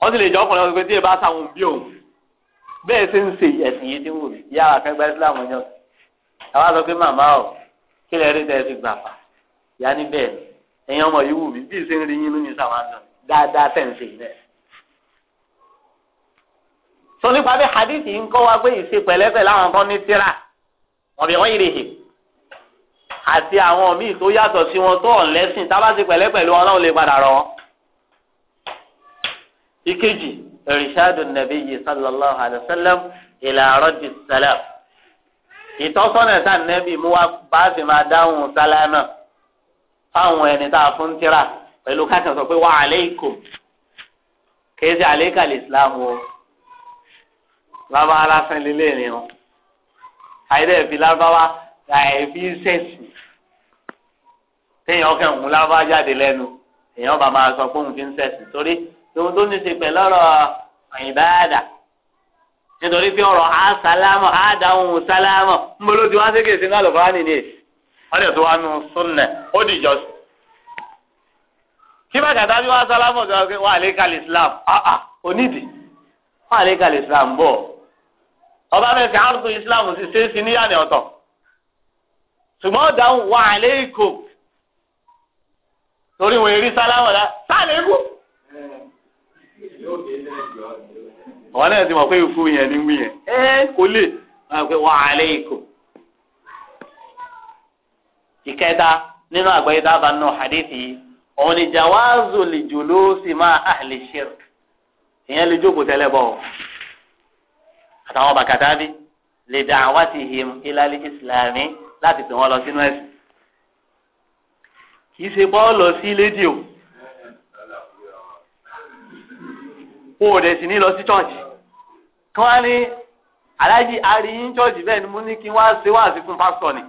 Speaker 1: wọ́n sì lè jọ ọkùnrin ọ̀sẹ̀ pé dì bá sàwọn bí òun bẹ́ẹ̀ ṣe ń ṣe ẹ̀sìn yìí ti ń wù mí yá akẹgbẹ́ Islam yàn àwa sọ pé màmá o kí lè rí tẹ́ẹ̀ gbà fà yá ní ẹ̀yin ọmọ yìí wù mí bí ìṣe ń rí yín lómi sàwọn àná dáadáa tẹ̀ ń ṣe yìí sọ nípa bí hadithi ń kọ́ wa pé ìṣe pẹ̀lẹ́pẹ̀ láwọn kan ní tíra wọn bí wọ́n yìí àti àwọn míì tó yàtọ̀ sí wọn tó ọ̀lẹ́sìn tábà sí pẹ̀lẹ́ pẹ̀lú wọn náà lè padà rọ wọn. ìkejì irshadu nabiyyi sallallahu alayhi wa sallam ila raddi salaf ìtọ́sọ́nà tá nẹ́bí mú wa bá sì dáhùn sálámà fáwọn ẹni tá a fún tíra pẹ̀lú kákan sọ pé wa alaykum kèé sí islam o lábá aláfẹ́ lélẹ̀ ni wọn àìdẹ́ fi lábáwá àìfi sẹ́ẹ̀sì téèyàn kàn ń lábá jáde lẹ́nu èèyàn bá máa sọ pé òun fi ń sẹ́ẹ̀sì torí ohun tó ní ṣe pẹ̀ lọ́rọ̀ ìbáàdà nítorí pé ọ̀rọ̀ àsálámọ̀ àdáhùn sálámọ̀ ń bolo tí wọ́n á sékè sí náà lọ́kọ́ wá nìyẹn wọ́n lè tó wá nu súnnẹ̀ ó dìjọ́ sí kí bá kàtà bí wọ́n á sálámọ̀ tó wá lè kàlè islam onídìí wọ́n á lè kàlè islam bọ́ọ̀ ọba bẹ́ẹ̀ fi àrùn islam sì ṣe é sí níyàní ọ̀tọ̀ ṣùgbọ́n ọ̀dáhùn wà àléèkó torí wọn èrí sálámọ̀ dá sáléèkó. wọn náà ti mọ̀ pé ikú yẹn ní wí yẹn ẹ kò lè wọn pe wà àléèkó. ìkẹta nínú àgbáyé dábàá nù hadith òun ni jawaazul julusi ma ahli shirk ìyẹn lè jókòó tẹ́lẹ̀ bọ̀ àtàwọn bàkàtàbí lè dá àwọn ti hìm ilálí ìsìlámì láti pè wọ́n lọ sínú ẹ̀sìn kì í ṣe bọ́ọ̀lù sí rédíò wọn ò dẹ̀ sì ní lọ sí chọ́ọ̀chì kí wọ́n á ní aláàjì àríyìn chọ́ọ̀chì bẹ́ẹ̀ ni mo ní kí wọ́n á ṣe wáàsí fún pásítọ̀ ni.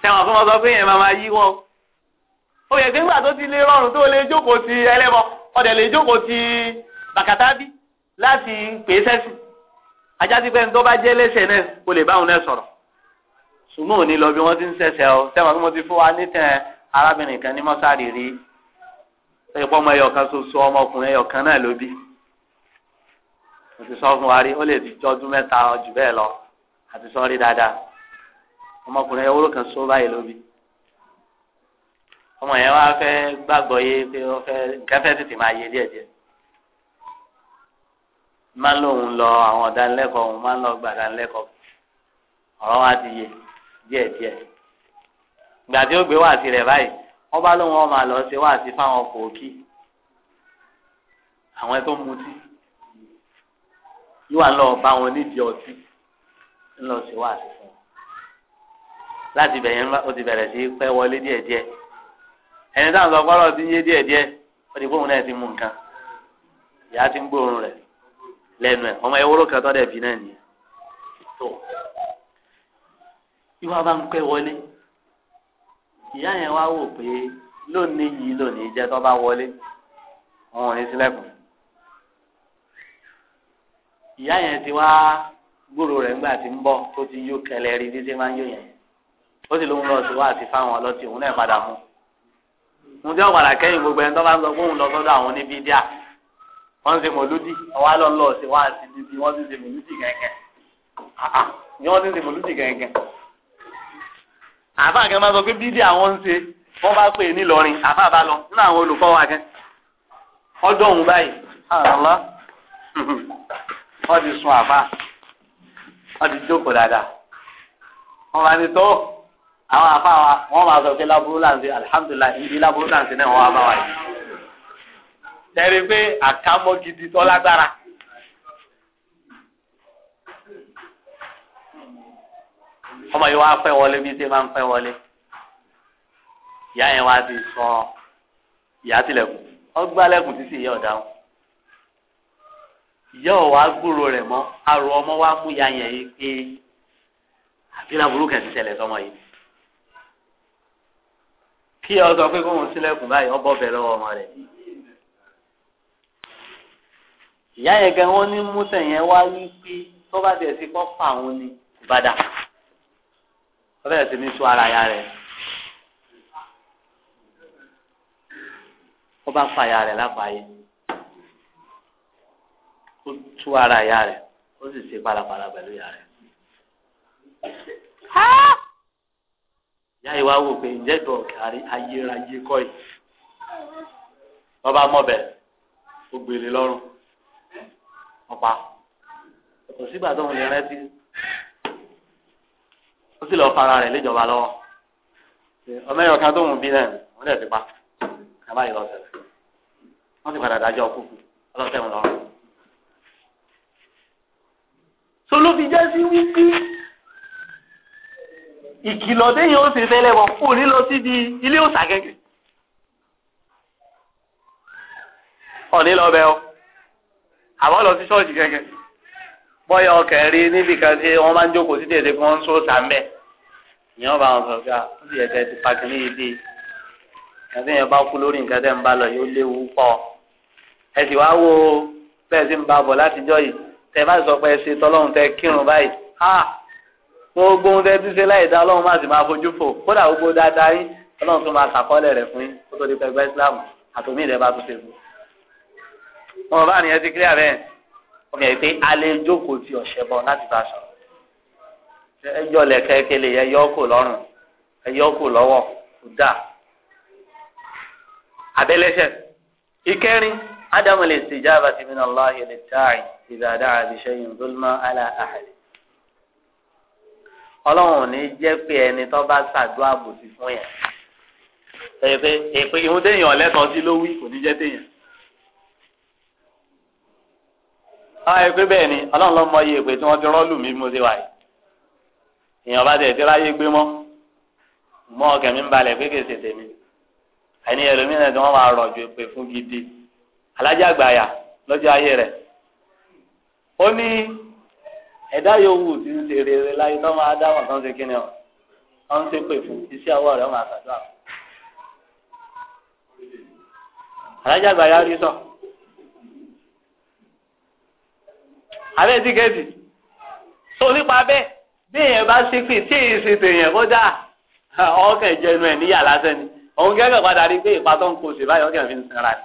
Speaker 1: sẹ́wọ̀n fún wọn sọ pé yẹn máa yí wọn. ó yẹ kí nígbà tó ti lé rọrùn tó lè jókòó ti ẹlẹ́bọ ọ̀dẹ̀ lè jókòó ti bàkàtà bí láti pè é sẹ́sìn ajá ti pẹ́ ní tó bá jẹ́ lẹ́sẹ̀ náà o lè báwọn náà sọ̀rọ̀ ṣùgbọ́n òní lọ bí wọ́n ti ń sẹ̀sẹ̀ ọ sẹ́wọ̀n tí mo ti fún wa nítẹ̀ arábìnrin kan ní mọ́sáàrì rí ẹ̀pọ̀ ọmọ ẹyọkan ṣoṣo ọmọkùnrin ẹyọkan náà ló bí mo ti sọ fún wa rí ó lè ti jọdún mẹ́ta jù bẹ́ẹ̀ lọ àti sọ rí dáadáa ọmọkùnrin ewúro kan ṣó báyìí ló bí ọmọ yẹn wá fẹ́ gbàgbọ́ yé pé wọ́n fẹ́ nǹkan fẹ́ tètè máa yé díẹ̀ díẹ̀ má lóun lọ àwọn ọ̀dánilẹ́kọ̀ọ́ òun má lọ gbàdánilẹ́kọ̀ọ́ ọ̀rọ̀ wa ti yé díẹ̀ díẹ̀ ìgbà tí ó gbé wáàsí rẹ̀ báyìí wọ́n bá lóun ọmọ àlọ́ ṣe wáàsí fáwọn kòókì àwọn tó mutí yóò wá lọ bá wọn nídìí ọtí ńlọ ṣe wáàsí fún wọn láti bẹ̀yẹn ó ti bẹ̀rẹ̀ sí pẹ́ wọlé díẹ̀ díẹ̀ ẹni táwọn sọ fọlọ ti ń yé díẹ̀ díẹ̀ ó ti fóun náà ti mú nǹkan ìyá ti ń gbóòórùn rẹ̀ lẹ́nu ẹ̀ ọmọ ewúro kan tó dẹ̀ bí náà nìyẹn tó ìwà bá ń pẹ́ wọlé ìyá yẹn wá wò pé lónìí yìí lónìí jẹ́ tó bá wọlé wọn ò ní sílẹ̀kùn ìyá yẹn ti wá gbòòrò rẹ̀ ńgbà tí ń bọ̀ tó ti yó kẹlẹ́ rí bí ṣe yẹn ó sì lóun lọ sí wá àti fáwọn ọlọ́tì òun náà padà mú mo jẹ́ ọ̀pàdà kẹ́yìn gbogbo ẹni tó bá ń sọ fóun lọ sọ́dọ̀ àwọn oníbi díà wọ́n ń ọwọ́ lọ lọ wá sí ibi wọ́n ti ṣe mòlúdì gẹ́gẹ́ ni wọ́n ti ṣe mòlúdì gẹ́gẹ́ àfa kan máa sọ pé bídí àwọn ń ṣe wọ́n bá pè é nílọrin àfa bá lọ nínú àwọn olùkọ́ wa kẹ́ òun báyìí àlọ́ wọ́n ti sun àfa àwọn afa wa wọn máa sọ pé láburú láǹtí alihamudulilayi ibi láburú láǹtí náà wọn wá bá wa yìí. tẹ̀rí pé àkámọ́ gidi tó lágbára. ọmọ yìí wá fẹ́ wọlé bí ṣe máa ń fẹ́ wọlé. ìyá yẹn wá ti sọ ìyá tilẹ̀kùn ọgbàlẹ̀kùn títí ìyá ọ̀daràn. ìyá ò wá rẹ̀ mọ́ arò ọmọ wa mú ìyá yẹn yìí pé àbí láburú kẹ̀ sọmọ yìí kí ọ sọ pé kóun sílẹ̀kùn báyìí wọ́n bọ́ bẹ̀ lọ́wọ́ ọmọ rẹ̀. ìyá yẹn gan wọn ní mútẹ̀ yẹn wá wí pé tó bá bẹ̀rẹ̀ sí kọ́ fà wọn ni ìbàdà wọ́n bẹ̀rẹ̀ sí ní sọ ara ya rẹ̀. wọ́n bá fa ya rẹ̀ lápáyé ó tú ara ya rẹ̀ ó sì ṣe pàlàpàlà pẹ̀lú ya rẹ̀ ìyá ìwà wò pé ǹjẹ́ ìtọ̀ kárí ayérayé kọ́ yìí lọ́ba mọ̀bẹ̀ ó gbélé lọ́rùn ọ̀pá kò sígbà tó ń lè rántí ó sì lọ́ọ́ fara rẹ̀ léjọba lọ́wọ́
Speaker 2: ọmọ ẹ̀yọ̀ kan tó ń
Speaker 1: bí náà wọ́n dẹ̀ fi pa kàmá yìí lọ́sẹ̀ wọ́n sì padà dájọ́ kúkú ọlọ́sẹ̀ wọn lọ́rùn.
Speaker 2: solóbi jẹ́ sí wípé
Speaker 1: ìkìlọ̀ déyìn ó sì fẹ́lẹ̀ wọ̀ kó ní lọ síbi ilé òsà gẹ́gẹ́. ọ̀ní lọ bẹ ọ àmọ́ lọ sí ṣọ́ọ̀ṣì gẹ́gẹ́ bọ́yá ọkẹ́ rí níbi kan tí wọ́n máa ń jókòó sí tètè kí wọ́n ń sóòsà ń bẹ̀ ìyẹn bá wọn sọ pé ah, ó sì yẹ kẹ́ ti pàkínní yìí dé kàtí yẹn bá kú lórí nǹkan tẹ́ ń bá lọ yóò léwu pọ̀ ẹ sì wá wo bẹ́ẹ̀ sì ń bá bọ̀ látijọ́ yìí tẹ́ bá sọ pé ẹ ṣe tọ́lọ́run tẹ́ kírun báyìí ah, gbogbo ohun tẹ́ ti ṣe láì dá ọlọ́run má sì máa fojú fò kódà gbogbo dáadáa yín ọlọ́run tó máa ṣàkọọ́lẹ̀ rẹ̀ fún yín kó tó di pẹgbẹ́ ìsìláàmù àtòmí rẹ̀ bá tó ṣe fún. wọn bá nìyẹn ti kílíà bẹ́ẹ̀ ọmọ yẹn pé alẹ́ jókòó ti ọ̀ṣẹ́ bọ̀ láti bá aṣọ.
Speaker 2: ẹjọ́ lẹ̀kẹ́ kele
Speaker 1: ẹ kò lọ́rùn ẹ kò lọ́wọ́ kò dáa. àbẹ́lẹ́sẹ̀ ìkẹrin ádámù lè ṣèjá àbàtì mi ọlọ́run ní jẹ́ pé ẹni tó bá ṣàdó àbòsí fún yẹn èpè èpè ìhun téèyàn lẹ́tọ̀ọ́ sí ló wí kò ní jẹ́ téèyàn. àwọn èpè bẹ́ẹ̀ ni ọlọ́run ló mọ iye èpè tí wọ́n ti rọ́ọ̀lù mi bí mo ṣe wà yìí èèyàn bá tẹ̀ tí ráyé gbé mọ́ mọ́ ọkẹ́ mi ń balẹ̀ pé kèsè tèmi ẹni ẹlòmíràn tí wọ́n máa rọ̀ èpè fún gidi alájà lọ́jọ́ ayé rẹ̀ ó ní ẹ̀dá yòówù ti ń ṣe rere láyé tó máa dá wọn kan ṣe kíni ọ wọn ṣe pè fún iṣẹ́ ọwọ́ rẹ̀ máa ṣàdúrà. alájà gbàyà rí sọ. abẹ́ tíkẹ́ẹ̀tì tó nípa bẹ́ẹ̀ bí èèyàn bá ṣe pè tí èyí ṣe tèèyàn kó dáa ọkàn ìjẹnu ẹ̀ níyà lásán ni òun gẹ́gẹ́ padà rí pé ìpàtọ́ ń kó ṣe báyìí ọkàn fi ń sinra ni.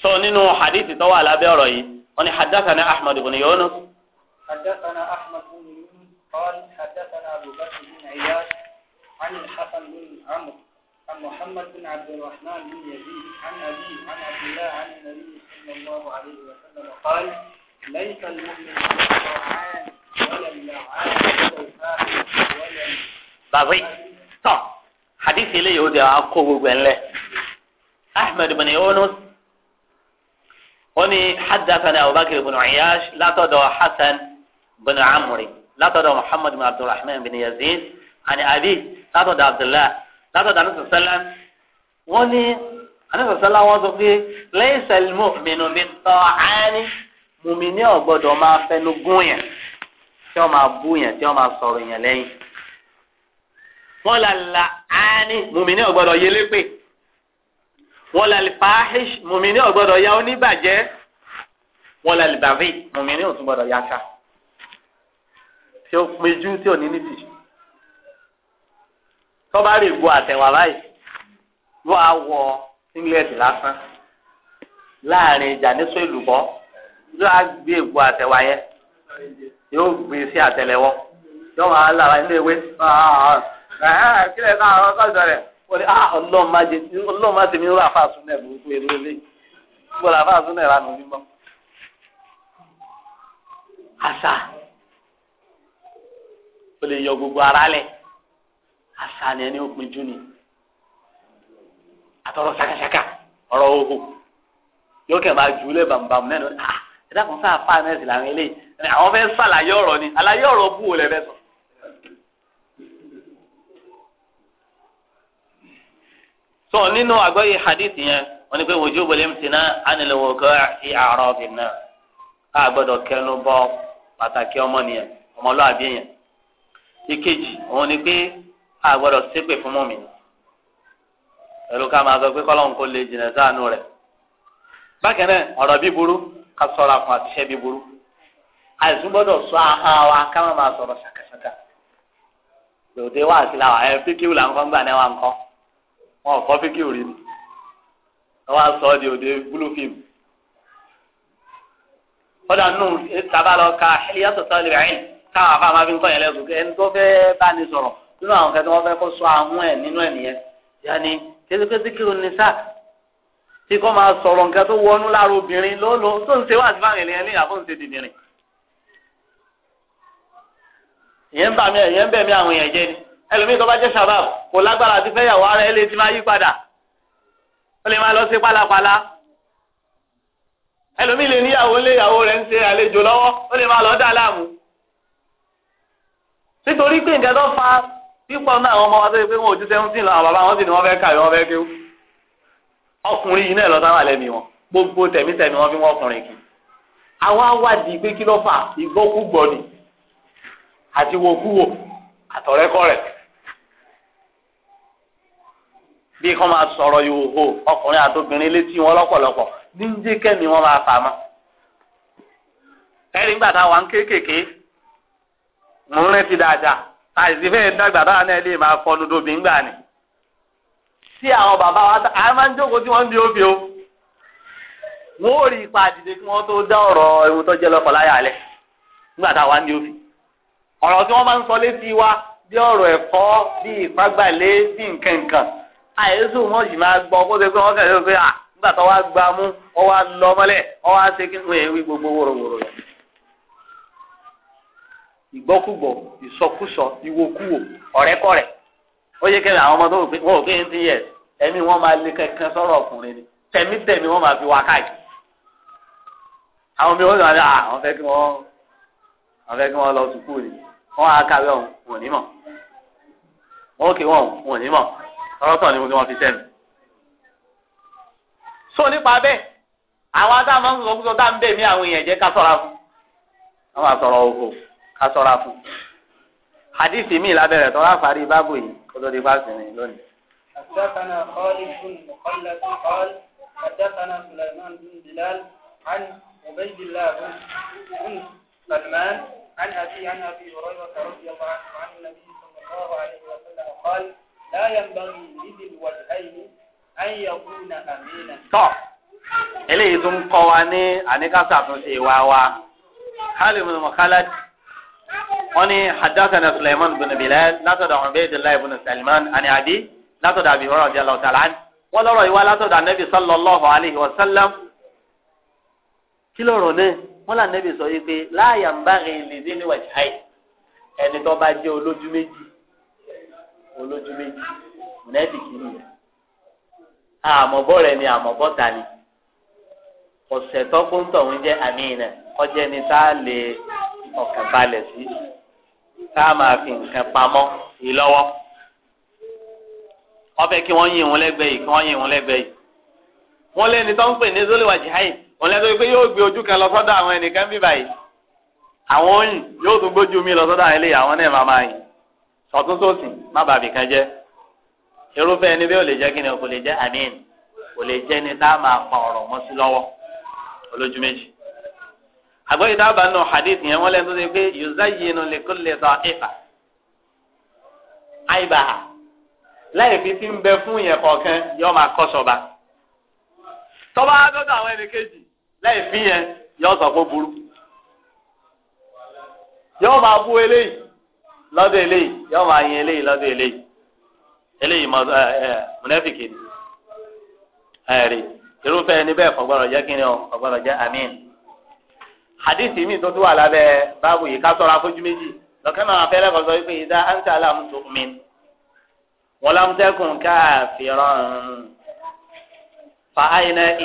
Speaker 1: sọ nínú hadith tó wà lábẹ́ ọ̀rọ̀ yìí. wọ́n حدثنا احمد بن يونس
Speaker 2: حدثنا احمد بن يونس قال حدثنا ابو بكر بن عياش عن الحسن بن عمرو عن محمد بن عبد الرحمن بن يزيد عن أبي عن عبد الله عن النبي صلى الله عليه وسلم قال ليس المؤمن طاعان ولا اللعان ولا الفاحش ولا
Speaker 1: بغي حديث إليه يهودي أقوى بن له أحمد بن يونس wọ́n ní haddathana abubakar bin Ayyash látọ̀dọ̀ hasan bin amuri látọ̀dọ̀ muhammad bin abdulrahman bin yazid àni abi látọ̀dọ̀ abdullah látọ̀dọ̀ anasasalam wọ́n ní anasasalam wọ́n sọ pé laysa al-mu'minu bit-ta'ani mùmíní ò gbọ́dọ̀ máa fẹnu gún yẹn tí wọ́n máa bú yẹn tí wọ́n máa sọ̀rọ̀ yẹn lẹ́yìn wọ́n là là áni mùmíní ò gbọ́dọ̀ yẹlé pé wala al-fahish mùmíní ò gbọ́dọ̀ ya oníbàjẹ́ wala al-baghi mùmíní ò tún gbọ́dọ̀ ya ká tí ó péjú tí ò ní níbi tó bá rí ìgò àtẹ̀wà báyìí wọ́n á wọ íńgílẹ̀dì lásán láàrin ìjà nísò ìlúbọ́ yóò á gbé ìgò àtẹ̀wà yẹn yóò gbé sí àtẹ̀lẹ́wọ́ yóò máa ń lára nílé ìwé kílẹ̀ náà ọ̀rọ̀ sọ̀rọ̀ rẹ̀ wọ́n ní ah ọlọ́run má jẹ ọlọ́run má tèmi rà fáà súnẹ̀ burúkú èrò ilé gbọ́dọ̀ àfáà súnẹ̀ rà nù mímọ́. àṣà ó lè yọ gbogbo ara lẹ̀ àṣà ni ẹni ó pin jù ni àtọ̀rọ̀ ṣakaṣaka ọ̀rọ̀ òhò yóò kẹ́ máa jù ú lẹ́ bàmùbàmù náà ni ah ẹ̀dá kan sáà fáà náà sì làwọn eléyìí àwọn fẹ́ sàlàyé ọ̀rọ̀ ni àlàyé ọ̀rọ̀ bù wò lẹ́ fẹ́ sọ. tó nínú àgbáyé hadith yẹn wọ́n ní pé wòjú wòlé mùsùlùmí ànilówó kọ́ sí àárọ̀ bì náà a gbọ́dọ̀ kẹnu bọ pàtàkì ọmọnìyàn ọmọlúwàbí yẹn ìkejì òun ni pé a gbọ́dọ̀ ṣépè fún mọ́mì pẹ̀lú ká máa sọ pé kọ́lọ́hún kò lè jìnà sáànù rẹ̀ bákan náà ọ̀rọ̀ bíburú ká sọ̀rọ̀ àfọ̀n àtiṣẹ́ bíburú àìsùn gbọ́dọ̀ sọ ahọ́n wa ká má wọn ò kọ́ fíkì òrí ni wọn á sọ ọ́ di òde búlù fíìmù. kódà nù tàbá lọ ka ẹ̀yà sọ̀tọ́ lè rìn káwọn afá máa fi ń kọ́yìn lẹ́sùn ẹni tó fẹ́ bá ní sọ̀rọ̀ nínú àwọn kẹtọ́ wọn fẹ́ kó sọ àwọn ẹ̀ nínú ẹ̀ nìyẹn yanni kékeré kí ni sá tí kò máa sọ̀rọ̀ nǹkan tó wọnú lára obìnrin lólo tó ń ṣe wá sí fáwọn ènìyàn ní ìyàfó ń ṣe dìdìrín ìyẹn ń bà mí ẹ̀yẹ́ ń bẹ̀ mí àwọn èèyàn jẹ́ ni ẹlòmíì tó bá jẹ́ sábàbù kò lágbára àti fẹ́yàwó ara ẹ lè ti máa yí padà ó lè máa lọ sí pálapàla ẹlòmíì lè níyàwó lé ìyàwó rẹ̀ ń ṣe àlejò lọ́wọ́ ó lè máa lọ dá láàmú nítorí pé nǹkan tó fa pípọ̀ náà àwọn ọmọ wa tó yẹ pé wọn ò ju seventeen lọ àwọn bàbá wọn sì ni wọn fẹ́ kàwé wọn fẹ́ kéwú ọkùnrin yìí náà lọ sáwọn àlẹ́ mi wọn gbogbo tẹ̀mítẹ̀mí wọn fi wọn ọkùnrin kì àwọn awádìí pé kí ló fà ìgbọ́kúgbọ́ ni àti wòkúwò àtọ̀rẹ́kọ̀rẹ́ bí kò máa sọ̀rọ̀ yòówó ọkùnrin àtòbìnrin létí wọn lọ́pọ̀lọpọ̀ ní ń jẹ́ kẹ́mi wọn máa fà mọ́. ẹ̀rí ńgbà ń kéékèèké mò ń rántí dáadáa àìsí fẹ́ẹ́ dàgbà báwa náà lè máa fọnu àwọn bàbá wa máa ń jókòó tí wọ́n ń o. wọ́n ò rí ipa àdìde kí ewu jẹ́ ń ọ̀rọ̀ wọ́n máa ń sọ wa bí ọ̀rọ̀ ẹ̀kọ́ bí bí àyèsù ah, wọn sì máa gbọ kó ṣe pé wọ́n kẹ́lẹ́ pé à ah, nígbà tó wá gbá mú ọ wá lọ ọ wá ṣe kí gbogbo wòròwòrò
Speaker 2: ìsọkúsọ ìwòkúwò
Speaker 1: ọ̀rẹ́kọ̀rẹ́ ó yẹ àwọn ọmọ tó wò pé mi ah, fẹ́ kí wọ́n fẹ́ kí wọ́n lọ sùkúù ni wọ́n á kàwé ọ̀hún ọlọ́tọ̀ ni wọ́n fi sẹ́nu. so nípa bẹ́ẹ̀ àwọn adáàmọ́ ń sọ kúsọ dá ń bẹ̀ mí àwọn èèyàn jẹ́ ká sọ̀ra fún àwọn àsọ̀rọ̀ òfò ká sọ̀ra fún. hadithi mi lábẹ́rẹ̀ tọ́lá parí báàbò yìí kó tó di pàṣẹ mi lónìí.
Speaker 2: حدثنا خالد بن مخلد قال حدثنا سليمان بن بلال عن عبيد الله بن سلمان عن ابي عن ابي هريره رضي eléyìí tó ń kọ́ wa ní
Speaker 1: àníkàsàtúnṣe wa wa kálímù mọ̀kálàdì wọ́n ní hadathana suleiman bin bilal látọ̀dọ̀ àwọn bẹ́ẹ̀ dìlá ibùn salman àni àbí látọ̀dọ̀ àbí wọ́n rọ̀jẹ̀ lọ́wọ́ tàlá ní. wọ́n lọ́rọ̀ ìwá látọ̀dọ̀ anabi sallallahu alayhi wa sallam. kí ló rò ní wọ́n là nẹ́bi sọ yìí pé láàyà ń bá rìn lè dé ní wàjáì ẹni tó bá jẹ́ olójú méjì
Speaker 2: olójú méjì
Speaker 1: nẹ́bi kìíní rẹ̀ rẹ̀ ni àmọ̀bọ́ ta ni ọ̀sẹ̀ tọ́kùntọ̀ ń jẹ́ àmìnà ọjọ́ ẹni tá a lè ọkàn balẹ̀ sí tá a máa fi nǹkan pamọ́ sí lọ́wọ́ wọ́n fẹ́ kí wọ́n yin ìwọn lẹ́gbẹ̀ẹ́ yìí kí wọ́n yin ìwọn lẹ́gbẹ̀ẹ́ yìí wọ́n lẹ́ni tó ń pè ní zoliwa jihai wọ́n lẹ́ni tó yẹ pé yóò gbé ojú kan lọ sọ́dọ̀ àwọn ẹnìkan bí báyìí àwọn oyin yóò tún gbójú mi lọ sọ́dọ̀ àìlè àwọn náà máa máa yìn sọ̀tún sósì má bàbí kan jẹ́ irúfẹ́ ẹni bí ó lè jẹ́ kí ni kò lè jẹ́ àmín kò lè jẹ́ ni tá a máa pa ọ̀rọ̀ mọ́ sí lọ́wọ́ olójú méjì àgbọ̀yìí dábàá nù hadith yẹn wọ́n lẹ́nu tó ṣe pé yuzayyinu likulli ta'ifa àìbàhà láì fi ti ń bẹ fún yẹn kọ̀ọ̀kan yọ máa kọ́ sọba tọ́ba dọ́dọ̀ àwọn ẹni kejì láì fi yẹn yọ sọ fún burú yọ máa bú eléyìí lọ́dọ̀ eléyìí yọ máa yin eléyìí lọ́dọ̀ eléyìí eléyìí mọ̀ ẹ̀ ẹ̀ mùnẹ́fìkì ni ẹ̀rí. irúfẹ́ ẹni bẹ́ẹ̀ kọ̀gbọ́dọ̀ jẹ́ kíni o jẹ́ amin hadith mi tó tún wà lábẹ́ báàbù yìí ká sọ̀rọ̀ afọ́jú méjì máa fẹ́ lẹ́kọ̀ọ́ sọ wípé ìdá àǹtí aláàmútó mi wọn lámútẹ́kùn káàfìrán fa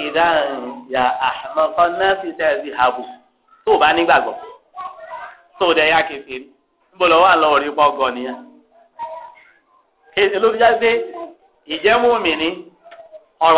Speaker 1: ìdá ya àmọ́kọ́ náà ààbò tó o bá nígbàgbọ́ tó o dẹ̀ yá kéfì lọ́wọ́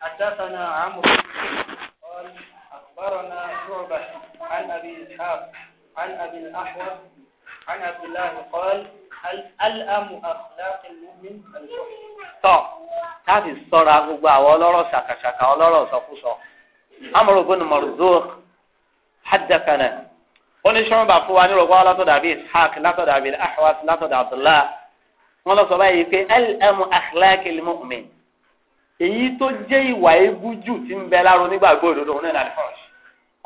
Speaker 2: حدثنا عمرو قال أخبرنا شعبة عن أبي إسحاق عن أبي الأحوص عن عبد الله قال الألأم أخلاق المؤمن الجحد tọ́ káàdì
Speaker 1: sọ́ra gbogbo àwọn ọlọ́rọ̀ ṣàkàṣàkà ọlọ́rọ̀ sọkúsọ amúrò bínú mọ̀rọ̀dọ́ hajjakana ó ní sọ́nba fún wa ní rògbò látọ̀dà bíi ishaq látọ̀dà bíi ahwas látọ̀dà abdullah wọn lọ sọ báyìí pé alẹ́mu akhlaqil mu'min èyí tó jẹ́ ìwà egú jù tí ń bẹ láàrú nígbàgbọ́ òdodo òun náà nìkan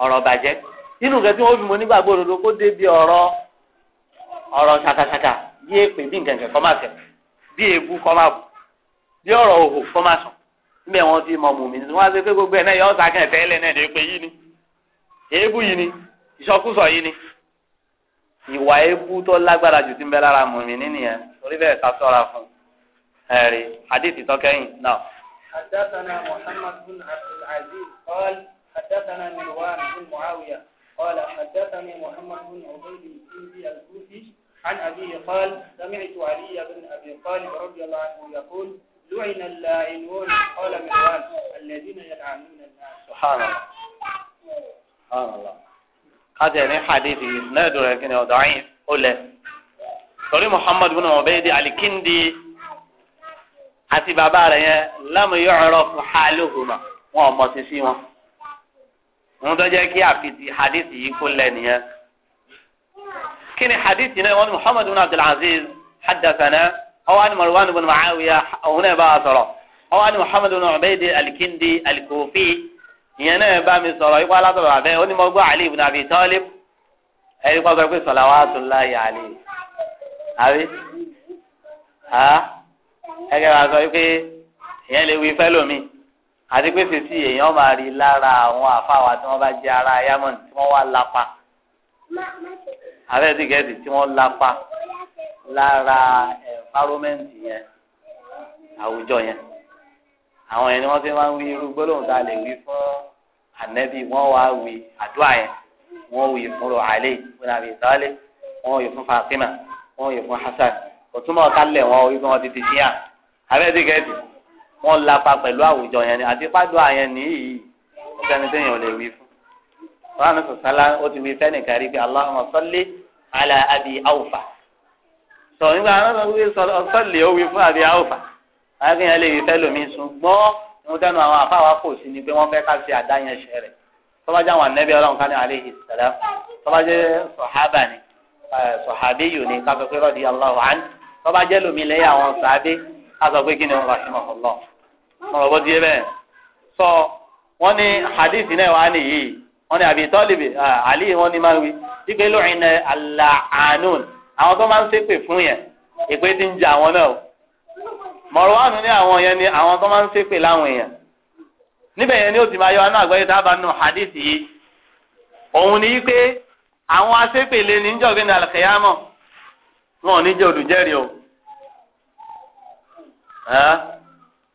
Speaker 1: ọ̀rọ̀ bàjẹ́ nínú nǹkan tí wọ́n fi mọ nígbàgbọ́ òdodo kó débi ọ̀rọ̀
Speaker 2: ọ̀rọ̀ ṣàkàṣàkà
Speaker 1: bí èpè bí nǹkan kẹ̀kọ́ máa tẹ̀ bí egú kọ́ máa bù bí ọ̀rọ̀ òhò kọ́ máa sùn níbẹ̀ wọ́n ti mọ mùmí ni wọ́n á ṣe pé gbogbo ẹ̀ náà yọ ọ́sà kẹ́ tẹ́lẹ̀ náà ní pé yìí ni èébú yìí ni ìṣọkúsọ yìí ni ìwà èébú tó lágbára jù ti ń bẹ lára mùmí nínìyẹn torí bẹ́ẹ̀ ẹ̀rí àdìsí tọ́kẹ́yìn náà.
Speaker 2: حدثنا محمد بن عبد العزيز قال حدثنا مروان بن معاوية قال حدثني محمد بن عبيد الكندي الكوفي عن أبيه قال سمعت علي بن أبي طالب رضي الله عنه يقول لعن اللاعنون قال مروان الذين يلعنون الناس سبحان الله سبحان الله
Speaker 1: هذا يعني حديث إسناده لكنه ضعيف قل محمد بن عبيد على كندي àti bàbá rẹ̀ yẹn lámù yóò ọ̀rọ̀ fún hálóhùnmá wọn ò mọ̀ sí sí wọn. wọn tó jẹ́ kí àfitì hadith yìí kó lẹ̀ nìyẹn. kí ni hadith yìí náà wọn ni muhammad bin abdul aziz haddathana ọwọ́ ni marwan bin muawiya òun náà bá a sọ̀rọ̀ ọwọ́ ni muhammad bin ubaydi alikindi alikofi ìyẹn náà bá mi sọ̀rọ̀ ikú alátọ̀rọ̀ abẹ́ ó ní mo gbọ́ ali ibn abi talib ẹ̀rí kọ́ sọ pé salawatullahi alayhi àbí ẹgbẹ́ wa sọ pé èèyàn lè wí fẹ́lómi àti pé sèṣì èèyàn máa rí lára àwọn àfáwà tí wọ́n bá jẹ́ ara yámọ̀n tí wọ́n wá lápa
Speaker 2: abẹ́ẹ̀dì gẹ̀ẹ́dì tí wọ́n lápa lára
Speaker 1: ẹ̀fárómẹ́ǹtì yẹn àwùjọ yẹn àwọn yẹn ni wọ́n fi máa ń wí irú gbólóhùn tá a lè wí fún ànẹ́bí wọ́n wá wí àdúrà yẹn wọ́n wí fún rọ̀ àlẹ́ àbí ìtàlẹ́ wọ́n wí fún Fatima wọ́n wí fún Hasan òtúmọ̀ kálẹ̀ wọn wí fún ọtí ti ṣíyàn abẹ́ẹ̀dì kẹ́ẹ̀dì wọ́n lapa pẹ̀lú àwùjọ yẹn ni àti pàdùn àyẹn nìyí ọ̀sẹ̀ni téèyàn ò lè wí fún ọ̀hánà sọ̀sálà ó ti wí fẹ́nìkan rí pé Allahumma salli ala abi awfa sọ nígbà sọ́lẹ̀ ó wí fún abi awfa akéèyàn lè wí fẹ́ lómi ṣùgbọ́n mo dẹnu àwọn àfáwà kò sí ni pé wọ́n fẹ́ ká ṣe rẹ̀ tọ́bajá àwọn ànábì ọlọ́run kan ní alayhi salam a sọ pé kí ni wọn wá sí ọmọ lọ ọmọ bó di bẹ́ẹ̀ sọ wọn ní hadith náà wà nìyí wọn ní àbí tọ́lìbì àlì wọn ní máa wí wípé lóyìn náà àlàánún àwọn tó máa ń ṣépè fún yẹn ìpè ti ń jẹ àwọn náà mọ̀rọ̀wánù ní àwọn yẹn ni àwọn tó máa ń ṣépè láwọn èèyàn níbẹ̀ yẹn ni ó ti máa yọ anú àgbáyé tá a bá nù hadith yìí òun ni wípé àwọn aṣépèlé ní njọ́gbìn alkèyámọ̀ wọn ò ní jẹ́ olùjẹ́rìí o.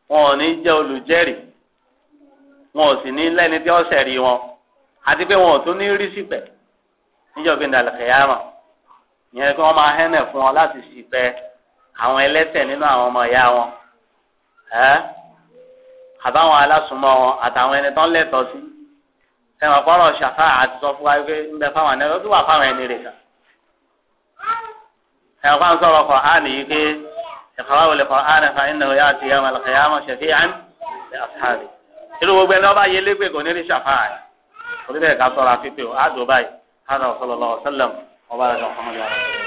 Speaker 1: wọn ò ní jẹ́ olùjẹ́rìí wọn ò sì ní lẹ́ni tí ọ ṣẹ̀rí wọn àti pé wọn ò tún ní rí sípẹ̀ níjọba ìdàlùkẹ́yàmọ̀ ìyẹn kí ọ máa hẹ́nẹ̀ fún wọn láti sípẹ́ àwọn ẹlẹ́ṣẹ̀ nínú àwọn ọmọ ìyá wọn àbáwọn wọn àtàwọn ẹni tó ń sí ṣàfà àti sọ fún wa pé ń bẹ fáwọn ẹni tó wà fáwọn ẹni kan sọ̀rọ̀ kọ̀ pé. ìkọ̀wé al-Qur'an fa innahu ya'ti yawm al-qiyamah shafi'an li ashabihi. irú gbogbo ẹni ọba yẹ lẹ́gbẹ̀ẹ́ kò ní rí ṣàfáà yẹn orí bẹ́ẹ̀ ká sọ̀rọ̀ àfipè o àdó báyìí hàdà sallallahu alaihi wasallam ọba rẹ̀ lọ́kọ́ mọ́lẹ́ àrà.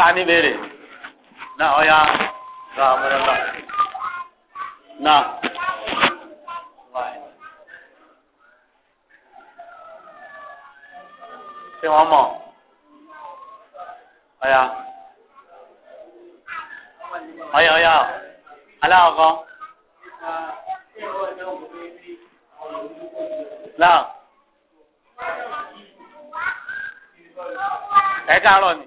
Speaker 1: ta ní béèrè náà
Speaker 2: ra àmọ́lọ́lá náà. ṣé wọ́n mọ̀ ọ̀ya ọ̀ya ọ̀ya aláwọ̀
Speaker 1: Náà. Ẹ káàárọ̀ ni.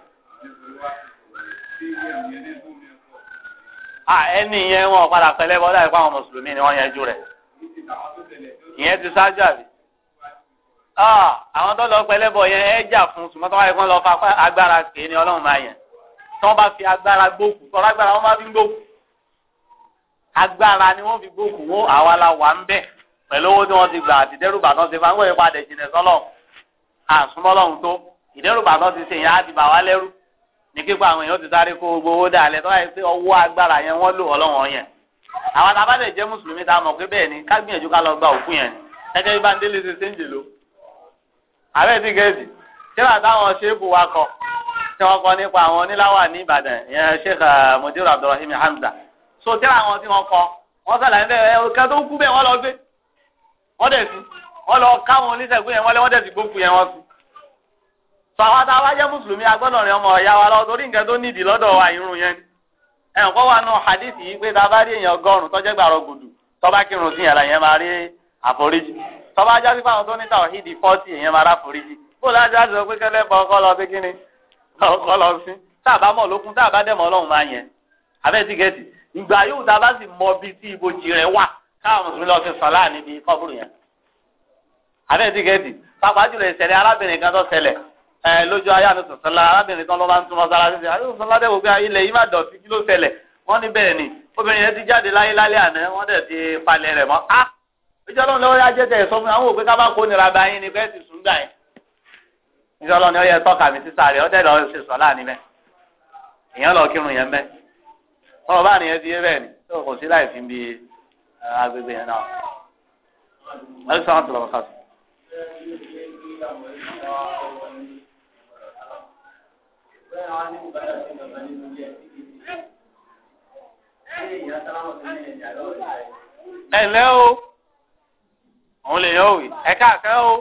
Speaker 1: ẹni yẹn wọn padà pẹlẹ bọ́ láì fún àwọn mùsùlùmí ni wọ́n yanjú rẹ̀ ìyẹn ti ṣáájú àbí. àwọn tó lọ pẹlẹ bọ yẹn ẹ jà fún ṣùgbọ́n tó wáyé kí wọ́n lọ fa agbára pè é ní ọlọ́run máa yàn tí wọ́n bá fi agbára gbókù tọ́lá agbára wọn bá fi gbókù agbára ni wọ́n fi gbókù wọ́n àwa la wà ń bẹ̀ pẹ̀lú owó tí wọ́n ti gbà àti ìdẹ́rùbà tó ti fa ń wọ̀nyí padà jìnnà sọ́lọ́run àsùnmọ́lọ́run tó ìdẹ́rùbà tó ti ṣèyàn á ti bà wá lẹ́rù ní kíkọ́ àwọn èèyàn ti sáré kó gbogbo owó dàlẹ́ tó báyìí pé ọwọ́ agbára yẹn wọ́n lò ọlọ́wọ́n yẹn àwọn àtàbàdẹ̀ jẹ́ mùsùlùmí tá a mọ̀ pé bẹ́ẹ̀ ni ká gbìyànjú ká lọ gba òkú yẹn ni gẹ́gẹ́ bí Bándélé ṣe ṣe ń jèlò àbẹ́ ti gẹ̀ẹ́sì síra táwọn ṣéèkù wa kọ tí wọ́n kọ nípa àwọn oníláwà ní Ìbàdàn ìyẹn Sheikh uh, Mudir Abdulrahim Hamza so síra àwọn tí wọ́n kọ wọ́n sàlàyé bẹ́ẹ̀ ẹ̀ tó kú bẹ́ẹ̀ wọ́n lọ gbé wọ́n dẹ̀ sí wọ́n lọ káwọn oníṣègùn yẹn fàwọn tá a wá jẹ́ mùsùlùmí agbọ́dọ̀ rìn ọmọ ọ̀yá wa lọ torí nǹkan tó nídìí lọ́dọ̀ wa irun yẹn ni ẹ̀hún kọ́ wa nù hadith yìí pé tá a bá rí èèyàn ọgọ́rùn-ún tọ́jẹ́ gbàrọ̀ gùdù tọ́ba kírun sí yàrá yẹn máa rí àforíjì tọ́ba ajá sí fáwọn tó ní tàwọn hídìí fọ́tì èèyàn máa rá àforíjì bóòlù ajá sọ pé kẹ́lẹ́ bọ́ ọkọ lọ sí kíni ọkọ lọ sí tá a bá mọ̀ lókun tá a bá dẹ̀mọ̀ ọlọ́run máa yẹn ẹ lójú ayé àti sọ̀sọ́lá arábìnrin kan ló máa ń tún mọ́sálásí ṣe àti sọ̀sọ́lá dẹ̀ wò pé ilẹ̀ yìí má dọ̀tí kí ló ṣẹlẹ̀ wọ́n ní bẹ́ẹ̀ ni obìnrin yẹn ti jáde láyé lálẹ́ àná wọ́n dẹ̀ ti palẹ̀ rẹ̀ mọ́ á ah, ìjọ lọ́nà ó yá jẹ́jẹ́ ẹ̀ sọ fún mi àwọn òpin kábà kó nira bá yín ni bẹ́ẹ̀ sì sùn gbà yín ìjọ lọ́nà ó yẹ tọ́ka mi sísà rẹ̀ ó dẹ̀ lọ ṣe sọ láàánú mẹ́ èèyàn lọ kírun yẹn mẹ́ ọ̀rọ̀ bá nìyẹn ti yé bẹ́ẹ̀ ni tó kò sí láì fi bí agbègbè
Speaker 2: bẹ́ẹ̀ wá ní ìbára sí bàbá nínú ilé ẹ̀
Speaker 3: ṣé ìyá sálámọ̀ sí ilé ẹ̀jẹ̀ lọ́wọ́ ìyá
Speaker 1: ẹ lẹ́ o òun lè yọ òwe ẹ káàkẹ́ o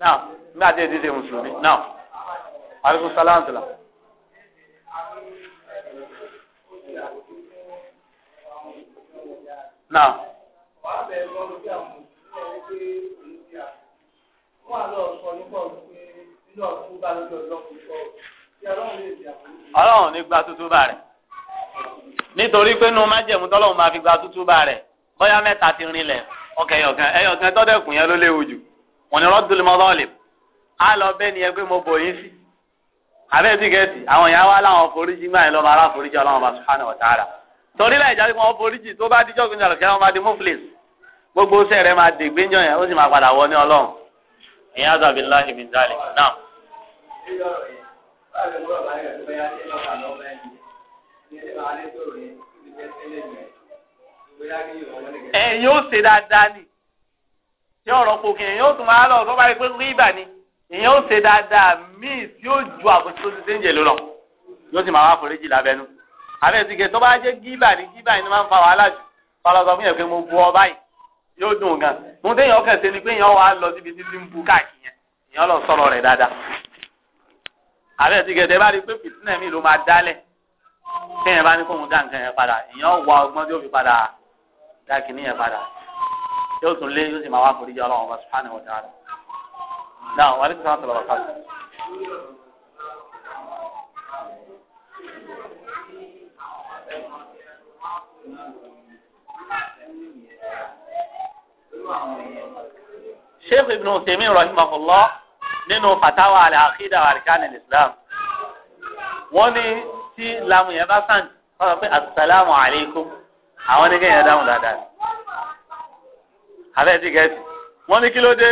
Speaker 1: náà nígbà tí èdè ṣe mùsùlùmí náà alaikum salaam tula.
Speaker 2: náà ọlọ́run
Speaker 1: ní gba tútú bá rẹ̀ nítorí pé nu májẹ̀mú tọ́lọ́run máa fi gba tútú bá rẹ̀ bóyá mẹ́ta ti rinlẹ̀ ọkẹ́ ẹ̀yọ̀kan ẹ̀yọ̀kan tọ́dẹ̀kùn yẹn ló léwu jù wọ́n ní rọ́dùlù mọ́tọ́ọ̀lì á lọ bẹ́ẹ̀ ni ẹ pé mo bò yín sí abẹ́ ti gẹ̀ẹ́sì àwọn èèyàn wá láwọn foríjì gbà yín lọ́mọ aláforíjì ọlọ́run bá sùhánà ọ̀tàrà torí láì jáde kí wọ́n foríjì tó bá díjọ́ gbìyànjú kí wọ́n bá di muflis gbogbo sẹ́ẹ̀rẹ́ máa dègbéjọ yẹn ó sì máa padà ìyá àdàbí láhìn mi dálé náà.
Speaker 2: ẹ yóò ṣe dáadáa ni tí ọ̀rọ̀ kò kìnnìyàn yóò tún máa
Speaker 1: lọ tó bá rí pé rí ibà ni ìyẹn ó ṣe dáadáa míì tí ó ju àbùsí tó ti ṣe ń jẹ ló lọ yóò sì máa wá foríjì lábẹ́nu àbẹ̀sìkè tó bá jẹ́ gíbà ni gíbà ni máa fa wàhálà jù fọlọ́sọ fún yẹn pé mo bu ọ báyìí yóò dùn gan mo dé yàn ọkàn ṣe ni pé yàn wà lọ síbi títí ń bu káàkiri yẹn yàn lọ sọ̀rọ̀ rẹ̀ dáadáa àbẹ ti gẹdẹ bá rí i pé fìtínà mi ló máa dálẹ̀ téèyàn bá ní kóun dá nǹkan yẹn padà yàn wà ọgbọ́n tí ó fi padà dá kìíní yẹn padà yóò tún lé yóò sì máa wá forí jẹ Ọlọ́run ọba subhanahu wa ta'ala
Speaker 2: náà wàlúùsọ àtàlọ wà kásán. sheikh ibn usaymin
Speaker 1: rahimahullah nínú fatawa alẹ́ akida arkan islam wọ́n ní tí lamu yẹn bá sàn wọ́n sọ pé asalaamu aleykum àwọn ní kéèyàn dáhùn dáadáa abẹ́ ti gẹ̀ẹ́sì wọ́n ní kí ló dé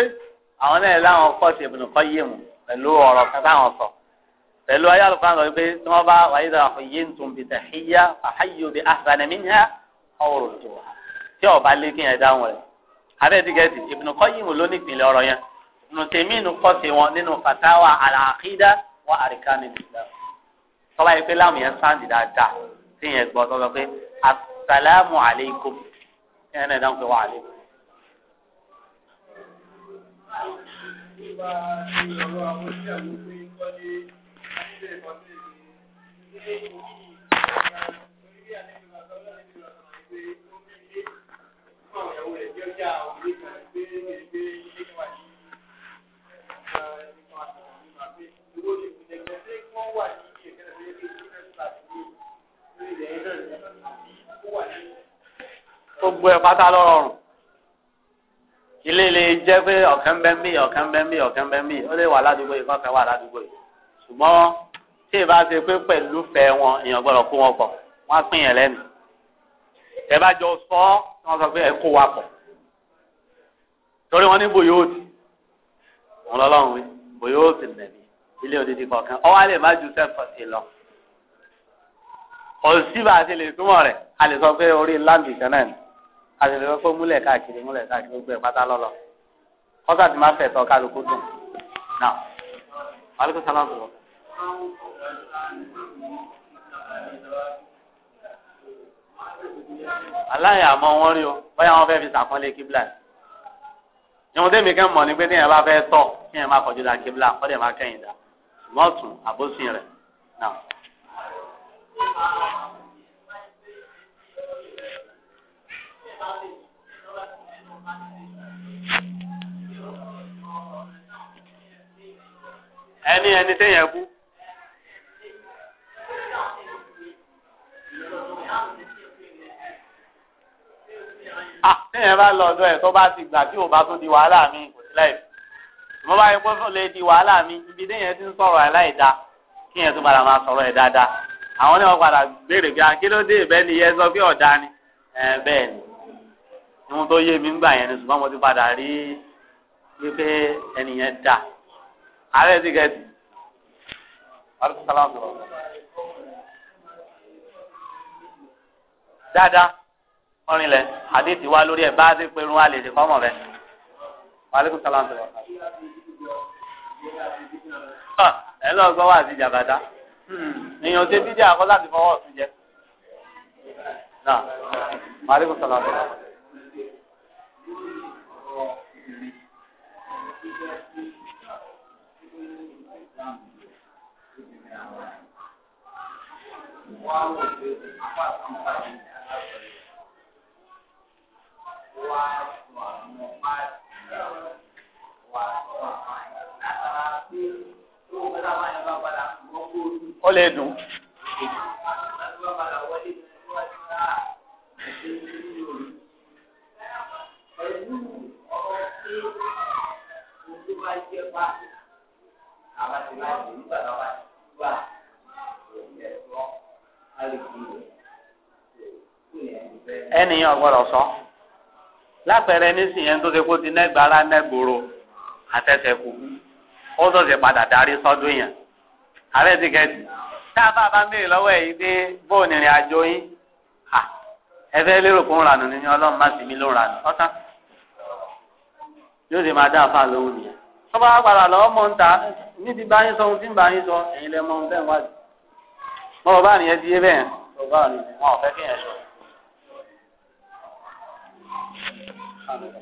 Speaker 1: àwọn náà láwọn kọ́ọ̀tù ibn qayyim pẹ̀lú ọ̀rọ̀ kan táwọn sọ pẹ̀lú ayé alùpàá lọ pé tí wọ́n bá wáyé dára fún yé ntun bi tahiyya fàhayyo bi ahsana ọ̀rọ̀ tó wà tí ọba lé kéèyàn dáhùn rẹ̀ àrẹ́dígẹ́dì Ibn Qayyim ló ní ìpìlẹ̀ ọ̀rọ̀ yẹn nùtẹ̀mínú kọ́sì wọn nínú fatawa al-aqida wa arkan al-islam tọ́lá yìí pé láàmù yẹn sáǹdì dáadáa tí yẹn gbọ́ tọ́lá pé asalaamu aleykum yẹn náà dáhùn pé wà aleykum.
Speaker 2: Thank you. ọjà òwe kan gbé
Speaker 1: ilé ilé jẹ́ pé ọ̀kan bẹ́ ń bí ọ̀kan bẹ́ ń bí ọ̀kan bẹ́ ń ó lè wà ládùúgbò yìí kọ́kàn wà ládùúgbò yìí ṣùgbọ́n tí ì bá ṣe pé pẹ̀lú fẹ́ wọn èèyàn gbọ́dọ̀ kó wọn pọ̀ wọ́n á pín yẹn lẹ́nu ẹ bá jọ sọ wọ́n sọ pé ẹ kó wa pọ̀ torí wọn ní bòyóòtì wọn lọ́lọ́run wí bòyóòtì nàbí ilé odidi kọ̀ọ̀kan ọwọ́ àlè má ju sẹ́fọ̀ sí lọ. òsínbà àti lè túmọ̀ rẹ̀ a lè sọ pé orí láǹdì kan náà ni a sì lè sọ pé múlẹ̀ káàkiri múlẹ̀ káàkiri gbogbo ẹ̀ pátá lọ́lọ́ kọ́sà ti má fẹ̀tọ́ kálukú dùn náà alaikum salaam sọ̀rọ̀.
Speaker 2: aláìyá àmọ́ wọn rí
Speaker 1: o bóyá wọn fẹ́ fi sàkọ́lé kíbla ni ìwọ̀n tẹ́mi kẹ́ mọ̀ ní pé téèyàn bá fẹ́ tọ̀ téèyàn máa kọjú da kébìlà kọ́ dẹ̀ máa kẹ́yìn dá ṣùgbọ́n tún àbósìn rẹ̀ náà.
Speaker 2: ẹni ẹni téèyàn kú. ẹ̀yìn ah, bá lọ ọ̀dọ̀
Speaker 1: ẹ̀ tó bá ti gbà tí ò bá tún di wàhálà mi kò sí láì mo bá yẹ kó lè di wàhálà mi ibi déyẹn ti ń sọ̀rọ̀ àìláìda kí yẹn tó padà máa sọ̀rọ̀ ẹ̀ dáadáa àwọn náà padà béèrè pé akílódé ìbẹ́ ni yẹn sọ pé ọ̀dà ni ẹ̀ bẹ́ẹ̀ ni ohun tó yé mi ń gbà yẹn ni ṣùgbọ́n mo ti padà rí wípé ẹnìyẹn dà ààrẹ ti gẹ̀ẹ́sì. dáadáa ọrin lẹ hadith wa lórí ẹ bá a ti pe irun alè ṣe fọmọ rẹ wàlẹkùn sálàm tó lọ. ẹ lọ gbọ́ wá sí jàbàtà
Speaker 2: hmm, èèyàn ṣe bídí àkọ́ láti fọwọ́ ọ̀tún jẹ.
Speaker 1: wàlẹkùn sálàm tó lọ.
Speaker 2: Wow ó ẹnìyàn
Speaker 1: gbọ́dọ̀ sọ lápẹẹrẹ nísìn yẹn tó ṣe kó ti nẹgbàrá nẹgbòro àtẹsẹkù ó sọsẹ padà darí sọ́dún yẹn ààrẹ ti kẹsì tá a bá bá ń béèrè lọ́wọ́ ẹ̀yìn pé bóun ìrìn àjò yín ẹ fẹ́ lérò kó ń ranù ní ọlọ́run má sì mí ló ń ranù ọ̀tán yóò sì máa dá àfa lóhùn nìyẹn tọ́ba agbára lọ́wọ́ mọ̀ ń ta níbi bá yín sọ ohun tí ń bá yín sọ ẹ̀yin lẹ́ mọ̀ ń bẹ́ẹ̀ wájú mọ̀ bá nìyẹn ti yé bẹ́ẹ̀ mọ̀
Speaker 2: bá nìyẹn wọn ò fẹ́ kéèyàn sọ. kind of